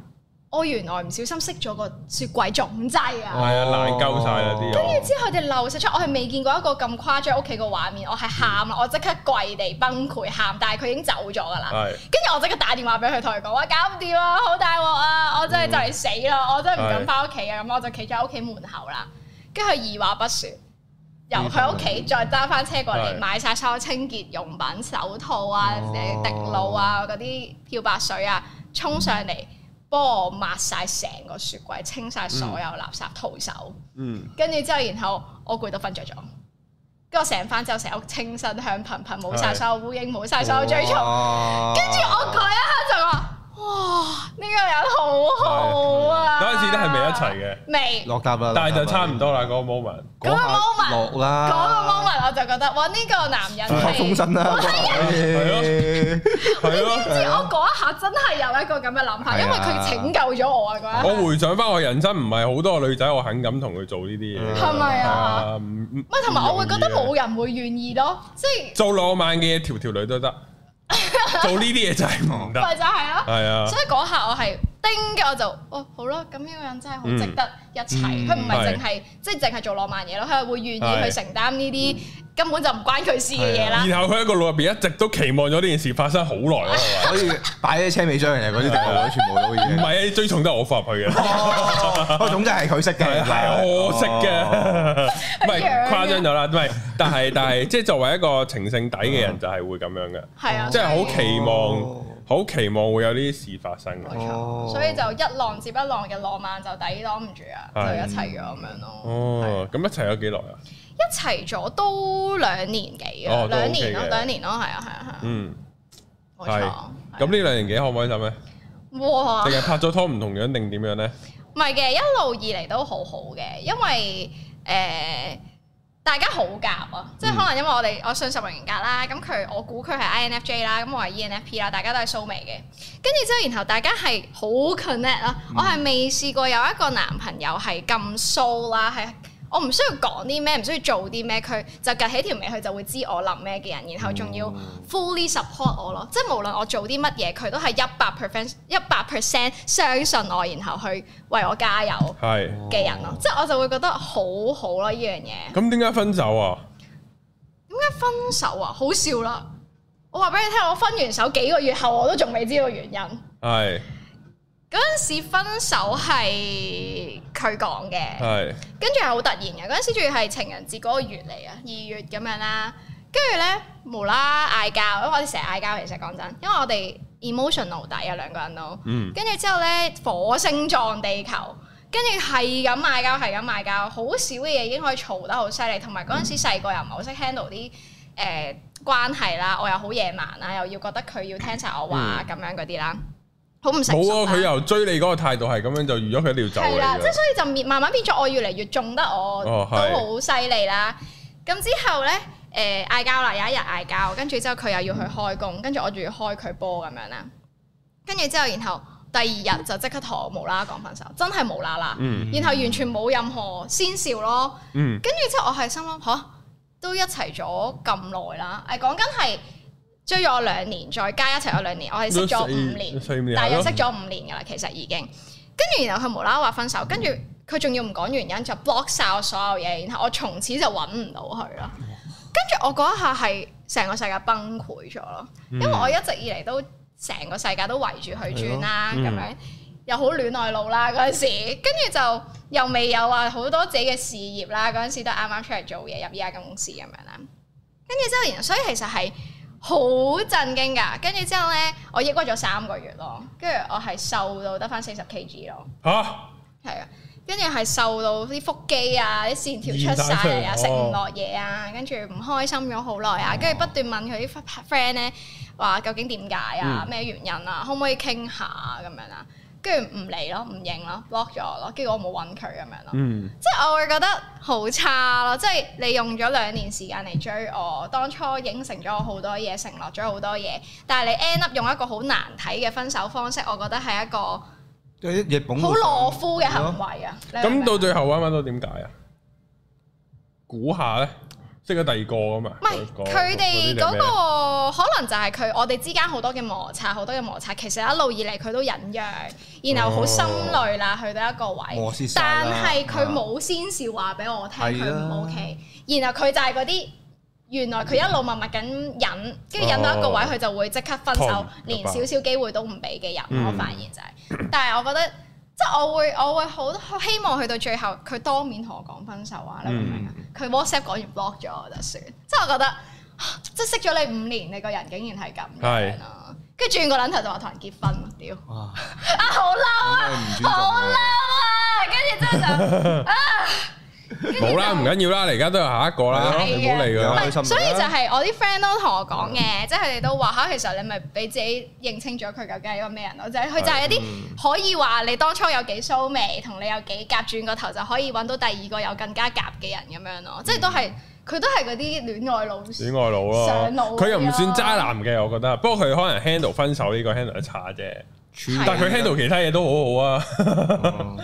我原來唔小心熄咗個雪櫃總掣啊！係啊，難救晒啲。跟住之後，佢哋流晒出，我係未見過一個咁誇張屋企個畫面，我係喊啦，嗯、我即刻跪地崩潰喊，但係佢已經走咗噶啦。跟住、嗯、我即刻打電話俾佢，同佢講：我搞唔掂啊，好大鑊啊，我真係就嚟死咯，嗯、我真係唔敢翻屋企啊！咁、嗯嗯、我就企咗喺屋企門口啦。跟住佢二話不説，由佢屋企再揸翻車過嚟，嗯嗯、買晒所有清潔用品、手套啊、誒滴露，露啊、嗰啲漂白水啊，衝上嚟。嗯嗯幫我抹晒成個雪櫃，清晒所有垃圾，徒、嗯、手，跟住之後，然後我攰到瞓着咗，跟住我醒翻之後成屋清新香噴噴，冇晒所有烏蠅，冇晒所有蛆蟲，跟住哇我嗰一刻就話。哇！呢個人好好啊，嗰陣時都係未一齊嘅，未落搭啊，但係就差唔多啦嗰個 moment，嗰個 moment，嗰個 moment 我就覺得哇！呢個男人係忠心啦，係咯，係咯，唔知我嗰一下真係有一個咁嘅諗法，因為佢拯救咗我啊！嗰日我回想翻我人生，唔係好多女仔我肯咁同佢做呢啲嘢，係咪啊？唔唔，咪同埋我會覺得冇人會願意咯，即係做浪漫嘅嘢，條條女都得。 做呢啲嘢就係忙得， 咪就係咯，係啊，是啊所以嗰下我係。叮！嘅，我就，哦好啦，咁呢個人真係好值得一齊。佢唔係淨係即係淨係做浪漫嘢咯，佢會願意去承擔呢啲根本就唔關佢事嘅嘢啦。然後佢喺個腦入邊一直都期望咗呢件事發生好耐啦，所以擺啲車尾箱嘅嘢嗰啲定係全部都唔係啊！追重得我發入去嘅，我總之係佢識嘅，係我識嘅，唔係誇張咗啦。唔係，但係但係即係作為一個情性底嘅人就係會咁樣嘅，係啊，即係好期望。好期望會有呢啲事發生，所以就一浪接一浪嘅浪漫就抵擋唔住啊，就一齊咗咁樣咯。哦，咁一齊咗幾耐啊？一齊咗都兩年幾啊，兩年咯，兩年咯，係啊，係啊，係啊。嗯，冇錯。咁呢兩年幾可唔可以咁咧？哇！定係拍咗拖唔同樣定點樣咧？唔係嘅，一路以嚟都好好嘅，因為誒。大家好夾啊，即係可能因為我哋，我信十六型人格啦，咁佢我估佢係 INFJ 啦，咁我係 ENFP 啦，大家都係蘇眉嘅，跟住之後，然後大家係好 connect 啦，啊，嗯、我係未試過有一個男朋友係咁蘇啦，係。我唔需要講啲咩，唔需要做啲咩，佢就夾起條尾，佢就會知我諗咩嘅人，然後仲要 fully support 我咯，哦、即係無論我做啲乜嘢，佢都係一百 percent、一百 percent 相信我，然後去為我加油嘅人咯。哦、即係我就會覺得好好咯呢樣嘢。咁點解分手啊？點解分手啊？好笑啦！我話俾你聽，我分完手幾個月後，我都仲未知道原因。係。嗰陣時分手係佢講嘅，跟住係好突然嘅。嗰陣時仲要係情人節嗰個月嚟啊，二月咁樣啦。跟住咧無啦嗌交，因為我哋成日嗌交，其實講真，因為我哋 emotional 底啊，兩個人都。跟住、嗯、之後咧，火星撞地球，跟住係咁嗌交，係咁嗌交，好少嘅嘢已經可以嘈得好犀利。同埋嗰陣時細個又唔係好識 handle 啲誒關係啦，我又好野蠻啊，又要覺得佢要聽晒我話咁樣嗰啲啦。嗯冇啊！佢又追你嗰個態度係咁樣，就預咗佢一定要走嘅。係啦，即係所以就慢慢變咗，我越嚟越中得我、哦、都好犀利啦。咁之後咧，誒嗌交啦，有一日嗌交，跟住之後佢又要去開工，跟住、嗯、我仲要開佢波咁樣啦。跟住之後，然後第二日就即刻同我無啦講分手，真係無啦啦，嗯、然後完全冇任何先兆咯。跟住之後我係心諗嚇都一齊咗咁耐啦，誒講緊係。追咗我兩年，再加一齊我兩年，我係識咗五年，大約識咗五年㗎喇，其實已經。跟住然後佢無啦啦話分手，跟住佢仲要唔講原因就 block 曬我所有嘢，然後我從此就揾唔到佢咯。跟住我嗰一下係成個世界崩潰咗咯，嗯、因為我一直以嚟都成個世界都圍住佢轉啦，咁、嗯、樣又好戀愛腦啦嗰陣時，跟住就又未有話好多自己嘅事業啦，嗰陣時都啱啱出嚟做嘢入依家間公司咁樣啦。跟住之後然，所以其實係。好震驚㗎，跟住之後咧，我抑鬱咗三個月咯，跟住我係瘦到得翻四十 kg 咯。嚇！係啊，跟住係瘦到啲腹肌啊，啲線條出曬啊，食唔落嘢啊，跟住唔開心咗好耐啊，跟住不斷問佢啲 friend 咧，話究竟點解啊，咩、嗯、原因啊，可唔可以傾下咁樣啊？跟住唔理咯，唔認咯，block 咗我咯。跟住我冇揾佢咁樣咯。嗯、即係我會覺得好差咯。即係你用咗兩年時間嚟追我，當初應承咗我好多嘢，承諾咗好多嘢，但係你 end up 用一個好難睇嘅分手方式，我覺得係一個好懦夫嘅行為啊！咁到最後揾唔揾到點解啊？估下呢。即係第二個咁嘛？唔係佢哋嗰個、那個、可能就係佢我哋之間好多嘅摩擦，好多嘅摩擦。其實一路以嚟佢都忍讓，哦、然後好心累啦，去到一個位。哦、但係佢冇先兆話俾我聽，佢唔、啊、OK 然默默。然後佢就係嗰啲原來佢一路默默咁忍，跟住忍到一個位，佢、哦、就會即刻分手，痛連少少機會都唔俾嘅人。嗯、我發現就係、是，但係我覺得。即係我會，我會好希望去到最後，佢當面同我講分手啊！你明唔明啊？佢、嗯、WhatsApp 講完 block 咗我就算。即係我覺得，即係識咗你五年，你個人竟然係咁樣。跟住是轉個撚頭就話同人結婚，屌哇！啊好嬲啊，好嬲啊！跟住就啊～ 冇啦，唔緊要啦，你而家都有下一個啦，的你唔好理佢啦，開心。所以就係我啲 friend 都同我講嘅，即係佢哋都話吓，其實你咪俾自己認清咗佢究竟係的一個咩人咯，就係佢就係一啲可以話你當初有幾騷味，同你有幾夾，轉個頭就可以揾到第二個有更加夾嘅人咁的樣咯，即係都係佢都係嗰啲戀愛佬，戀愛佬咯、啊，佢又唔算渣男嘅，我覺得，不過佢可能 handle 分手呢個 handle 得差啫，分手分手的但佢 handle 其他嘢都好好啊。 嗯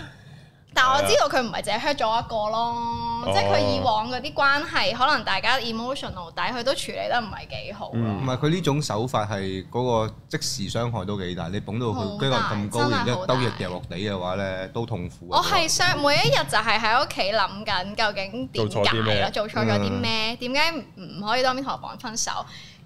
但我知道佢唔係凈係 hurt 咗一個咯，哦、即係佢以往嗰啲關係，可能大家 emotional 底，佢都處理得唔係幾好。唔係佢呢種手法係嗰個即時傷害都幾大，你捧到佢基層咁高，然之後兜日掉落地嘅話咧，都痛苦，啊。我係上每一日就係喺屋企諗緊，究竟點解係咯，做錯咗啲咩？點解唔可以當面同我講分手？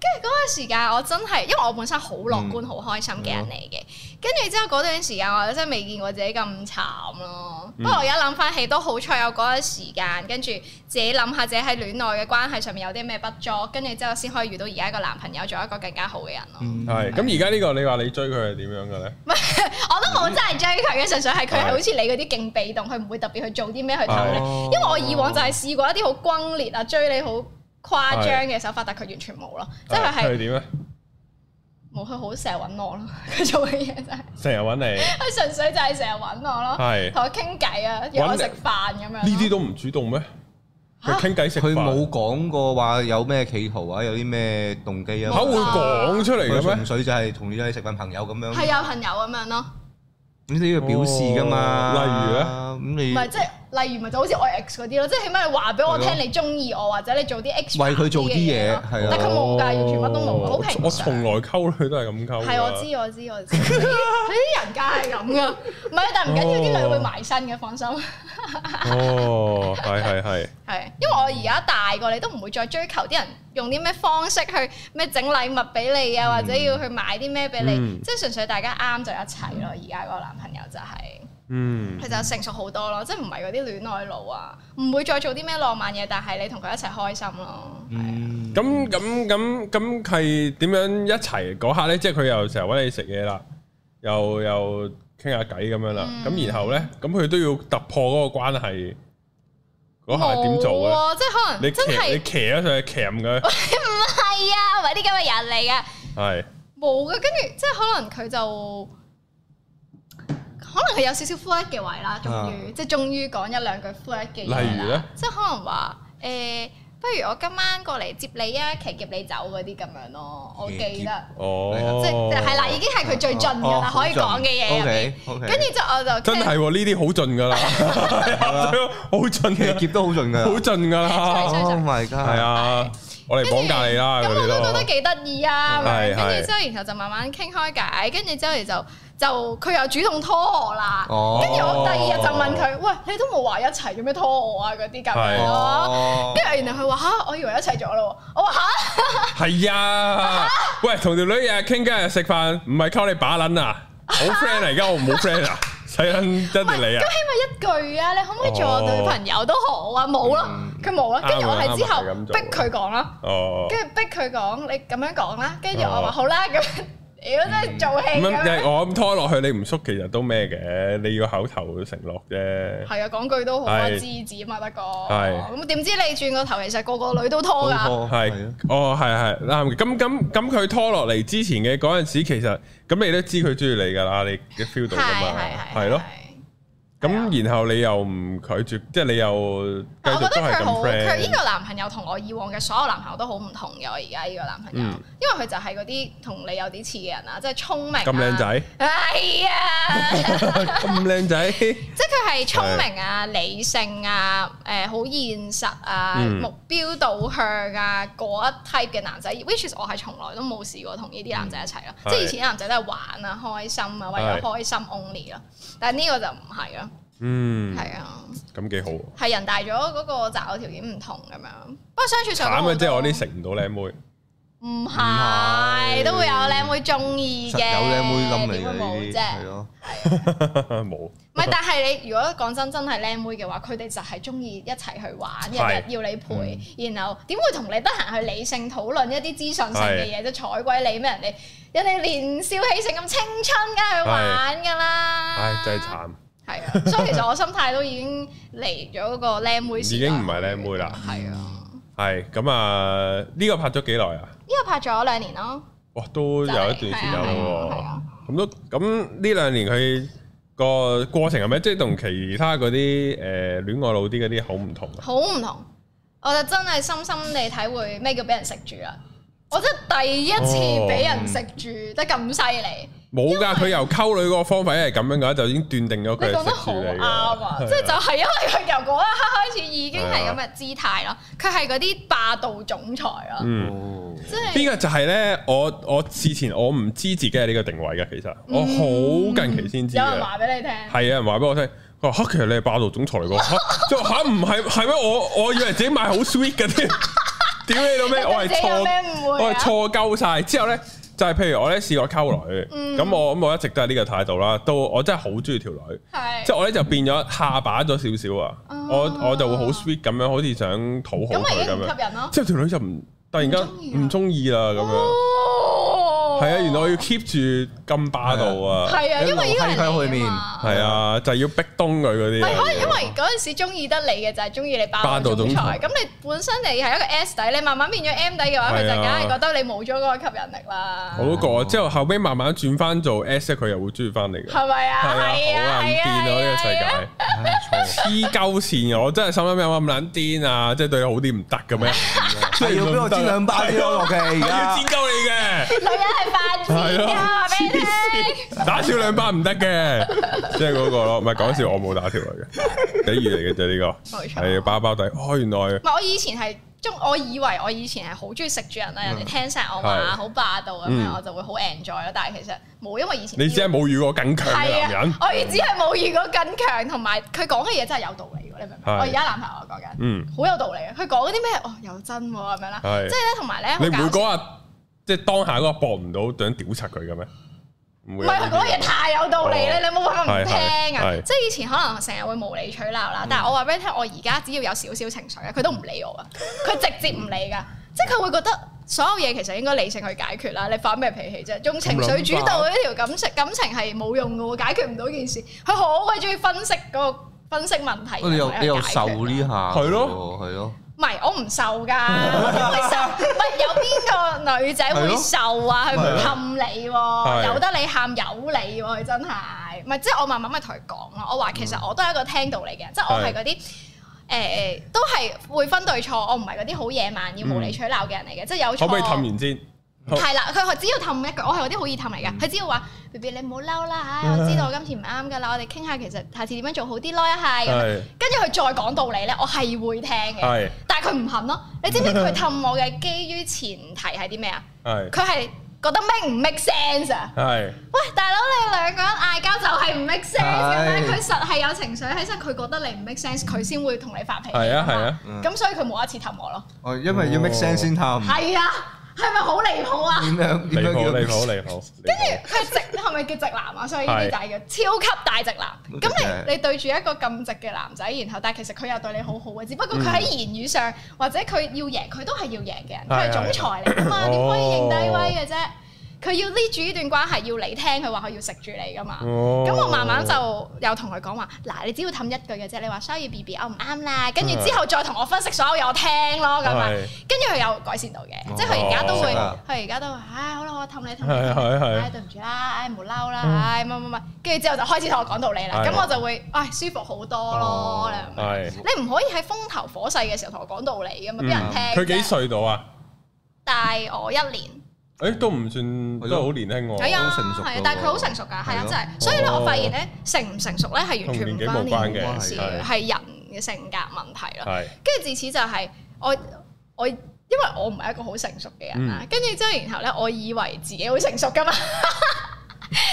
跟住嗰個時間，我真係因為我本身好樂觀、好開心嘅人嚟嘅。跟住之後嗰段時間，我真係未見過自己咁慘咯。不過我而家諗翻起都好彩，有嗰個時間。跟住自己諗下，自己喺戀愛嘅關係上面有啲咩不足。跟住之後先可以遇到而家個男朋友，做一個更加好嘅人咯。係。咁而家呢個你話你追佢係點樣嘅咧？唔係，我都冇真係追佢嘅，純粹係佢係好似你嗰啲勁被動，佢唔會特別去做啲咩去氹你。因為我以往就係試過一啲好轟烈啊，追你好，誇張嘅手法，但佢完全冇咯，即係係。佢點咧？冇，佢好成日搵我咯，佢做嘅嘢就係。成日搵你？佢純粹就係成日搵我咯，係同佢傾偈啊，約我食飯咁樣。呢啲都唔主動咩？佢傾偈食飯，佢冇講過話有咩企圖啊，有啲咩動機啊？吓會講出嚟嘅咩？純粹就係同你一齊食飯朋友咁樣，係有朋友咁樣咯。咁你要表示噶嘛？例如咧，咁你唔係即係。例如咪就好似我 X 嗰啲咯，即係起碼你話俾我聽你中意我，或者你做啲 X 為佢做啲嘢，但佢冇㗎，完全乜都冇，好平常。我從來溝女都係咁溝。係，我知我知我知。啲人家係咁噶，唔係，但係唔緊要，啲女會埋身嘅，放心。哦，係係係。係，因為我而家大過你，都唔會再追求啲人用啲咩方式去咩整禮物俾你啊，或者要去買啲咩俾你，即係純粹大家啱就一齊咯。而家嗰個男朋友就係。嗯，佢就成熟好多咯，即係唔係嗰啲戀愛腦啊，唔會再做啲咩浪漫嘢，但係你同佢一齊開心咯，係啊。咁咁咁咁係點樣一齊嗰下咧？即係佢又成日揾你食嘢啦，又又傾下偈咁樣啦。咁、嗯、然後咧，咁佢都要突破嗰個關係嗰下點做啊？即係可能真你騎你騎啊上嚟騎唔唔係啊，唔係啲咁嘅人嚟嘅。係冇嘅，跟住是即係可能佢就。可能係有少少 full 敷一嘅位啦，終於即係終於講一兩句 f 敷一嘅嘢啦。例如咧，即係可能話誒，不如我今晚過嚟接你啊，騎劫你走嗰啲咁樣咯。我記得哦，即係係啦，已經係佢最盡噶啦，可以講嘅嘢。跟住之後我就真係喎，呢啲好盡噶啦，好盡嘅，劫都好盡噶，好盡噶啦。Oh my god！係啊，我嚟綁架你啦嗰啲都覺得幾得意啊。係係。跟住之後，然後就慢慢傾開解，跟住之後就。就佢又主動拖我啦，跟住我第二日就問佢：喂，你都冇話一齊，做咩拖我啊？嗰啲咁樣。跟住原來佢話吓，我以為一齊咗咯。我話吓，係啊。喂，同條女日日傾偈、日日食飯，唔係靠你把撚啊！好 friend 啊，而家我唔好 friend 啊。使緊真係你啊。咁起碼一句啊，你可唔可以做我女朋友都好啊？冇咯，佢冇咯。跟住我係之後逼佢講啦，跟住逼佢講，你咁樣講啦。跟住我話好啦咁。如果真係做戲咁、嗯、 我咁拖落去，你唔縮其實都咩嘅？你要口頭承諾啫。係啊，講句都好啊，的的哦、知字啊嘛，德哥。係。咁點知你轉個頭，其實個個女都拖㗎。係。的哦，係係。嗱，咁咁咁佢拖落嚟之前嘅嗰陣時，其實咁你都知佢中意你㗎啦，你 feel 到㗎嘛？係係咯。的的咁，然後你又唔拒絕，即係你又我覺得佢好，佢呢個男朋友同我以往嘅所有男朋友都好唔同嘅。我而家呢個男朋友，嗯、因為佢就係嗰啲同你有啲似嘅人啊，即係聰明，咁靚仔，係啊，咁靚仔。哎呀 係聰明啊，理性啊，誒、呃，好現實啊，嗯、目標導向啊，嗰一 type 嘅男仔、嗯、，which is 我係從來都冇試過同呢啲男仔一齊咯，嗯、即係以前啲男仔都係玩啊，開心啊，嗯、為咗開心 only 咯，但係呢個就唔係咯，嗯，係啊，咁幾好、啊，係人大咗嗰、嗰個擇偶條件唔同咁樣，不過相處上，慘啊，即、就、係、是、我啲食唔到靚妹。唔係，都會有僆妹中意嘅，有僆妹咁嚟嘅，點會冇啫，係咯，冇。唔係，但係你如果講真，真係僆妹嘅話，佢哋就係中意一齊去玩，日日要你陪，然後點會同你得閒去理性討論一啲資訊性嘅嘢？啲睬鬼你咩人哋？人哋年少氣盛咁青春，梗係去玩㗎啦。唉，真係慘。係啊，所以其實我心態都已經離咗嗰個僆妹。已經唔係僆妹啦。係啊，係咁啊，呢個拍咗幾耐啊？呢個拍咗兩年咯。哇，都有一段時間喎。咁、就係啊、係啊、係啊、都咁呢兩年佢個過程係咪即係同其他嗰啲誒戀愛老啲嗰啲好唔同，好唔同？我就真係深深地體會咩叫俾人食住啊！我真係第一次俾人食住得咁犀利。哦冇噶，佢由溝女個方法係咁樣嘅話，就已經斷定咗佢係。你講得好啱啊，即係就係因為佢由嗰一刻開始已經係咁嘅姿態咯，佢係嗰啲霸道總裁咯。嗯，即係呢個就係咧，我我之前我唔知自己係呢個定位嘅，其實我好近期先知。有人話俾你聽，係有人話俾我聽，佢話其實你係霸道總裁嚟噶，即係吓唔係係咩？我我以為自己買好 sweet 嘅添，屌你老味，我係錯，我係錯鳩晒之後咧。就係譬如我咧試過溝女，咁、嗯、我咁我一直都係呢個態度啦。都我真係好中意條女。是即係我咧就變咗下把咗少少啊。我我就會好 sweet 咁樣，好似想討好佢咁樣咯。即係條女就唔突然間唔中意啦咁樣。哦。係啊，原來我要 keep 住咁霸道啊！係啊，因為呢個人啊嘛，係啊，就係要逼東佢嗰啲。係可能因為嗰陣時中意得你嘅就係中意你霸道總裁。咁你本身你係一個 S 底，你慢慢變咗 M 底嘅話，佢就梗係覺得你冇咗嗰個吸引力啦。我都之後後尾慢慢轉翻做 S 佢又會中意翻你嘅。係咪啊？係啊！好癲啊！呢個世界黐鳩線嘅，我真係心諗有冇咁撚癲啊？即係對你好啲唔得嘅咩？即係要俾我煎兩包落嘅，而家煎鳩你嘅。女人係飯，係咯，話俾你。打少兩包唔得嘅，即係嗰個咯。唔係講笑，我冇打條嚟嘅，比喻嚟嘅就呢個，係包包底。哦，原來我以前係。中我以為我以前係好中意食住人啦，人哋聽晒我話，好、嗯、霸道咁樣，嗯、我就會好 enjoy 咯。但係其實冇，因為以前、這個、你只係冇遇過更強嘅人。我只係冇遇過更強，同埋佢講嘅嘢真係有道理喎。你明唔明？的我而家男朋友講緊，嗯，好有道理嘅。佢講啲咩？哦，又真喎咁樣啦。即係咧，同埋咧，你唔會講話即係當下嗰個搏唔到想屌柒佢嘅咩？唔係佢講嘢太有道理咧，哦、你有冇話佢唔聽啊？係係係，即係以前可能成日會無理取鬧啦，係係，但係我話俾你聽，我而家只要有少少情緒咧，佢都唔理我噶，佢直接唔理噶， 即係佢會覺得所有嘢其實應該理性去解決啦。你發咩脾氣啫？用情緒主導呢條感情感情係冇用嘅喎，解決唔到件事。佢好鬼中意分析嗰個分析問題。你又有受呢下？係咯、哦，係咯、哦。唔係，我唔受噶， 我唔會受。唔係有邊個女仔會受啊？佢唔氹你喎、啊，由、啊、得你喊有你喎、啊，真係。唔係即係我慢慢咪同佢講咯。我話其實我都係一個聽道理嘅，啊、即係我係嗰啲誒都係會分對錯。我唔係嗰啲好野蠻要無理取鬧嘅人嚟嘅，啊、即係有錯。可唔可以氹完先？係啦，佢只要氹一句，我係有啲好易氹嚟嘅。佢只要話，B B 你唔好嬲啦唉，我知道我今次唔啱噶啦，我哋傾下其實下次點樣做好啲咯係。跟住佢再講道理咧，我係會聽嘅。但係佢唔肯咯。你知唔知佢氹我嘅基於前提係啲咩啊？佢係覺得 make 唔 make sense 啊？喂，大佬，你兩個人嗌交就係唔 make sense 嘅，但佢實係有情緒喺身，佢覺得你唔 make sense，佢先會同你發脾氣。係啊係啊，咁所以佢冇一次氹我咯。因為要 make sense 先氹。係啊。係咪好離譜啊？點樣離譜？離譜離譜！跟住佢直，係咪 叫直男啊？所以呢啲就係叫超級大直男。咁是你你對住一個咁直嘅男仔，然後但係其實佢又對你好好嘅，只不過佢喺言語上、嗯、或者佢要贏，佢都係要贏嘅人，佢係、嗯、總裁嚟噶嘛？點的 可以認低威嘅啫？哦佢要 lead 住呢段關係，要你聽佢話，佢要食住你噶嘛。咁我慢慢就又同佢講話，嗱，你只要氹一句嘅啫，你話 sorry，B B，我唔啱啦。跟住之後再同我分析所有，嘢，我聽咯咁啊。跟住佢有改善到嘅，即係佢而家都會，佢而家都會，唉，好啦，我氹你氹你，唉對唔住啦，唉唔好嬲啦，唉乜乜乜，跟住之後就開始同我講道理啦。咁我就會唉舒服好多咯。你唔可以喺風頭火勢嘅時候同我講道理㗎嘛，俾人聽。佢幾歲到啊？大我一年。誒都唔算，都好年輕我，都成熟係啊，但係佢好成熟㗎，係啊，真係，所以咧，我發現咧，成唔成熟咧係完全唔關年紀嘅事，係人嘅性格問題咯。跟住自此就係我我，因為我唔係一個好成熟嘅人啦，跟住之後，然後咧，我以為自己會成熟㗎嘛。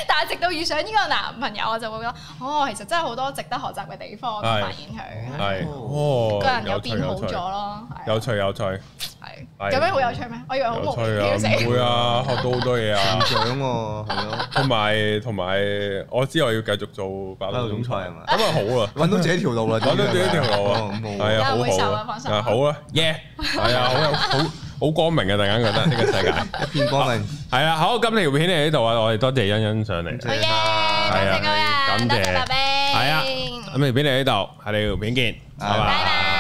但係直到遇上呢個男朋友，我就會覺得哦，其實真係好多值得學習嘅地方。我發現佢係，哇，個人有變好咗咯。有趣有趣，係咁樣好有趣咩？我以為有趣啊，唔會啊，學到好多嘢啊，成長啊，係咯。同埋同埋，我之後要繼續做百老匯總裁係嘛？咁啊好啊，揾到自己條路啦，揾到自己條路啊，係啊，好好啊，好啊，yeah，係啊，好。好光明啊，大家覺得呢、這個世界 一片光明，係啊好，好，今條片嚟呢度啊，我哋多謝欣欣上嚟，好啊、oh, yeah,，係啊，感謝，係啊謝，咁條片嚟呢度，係你條片見，拜拜。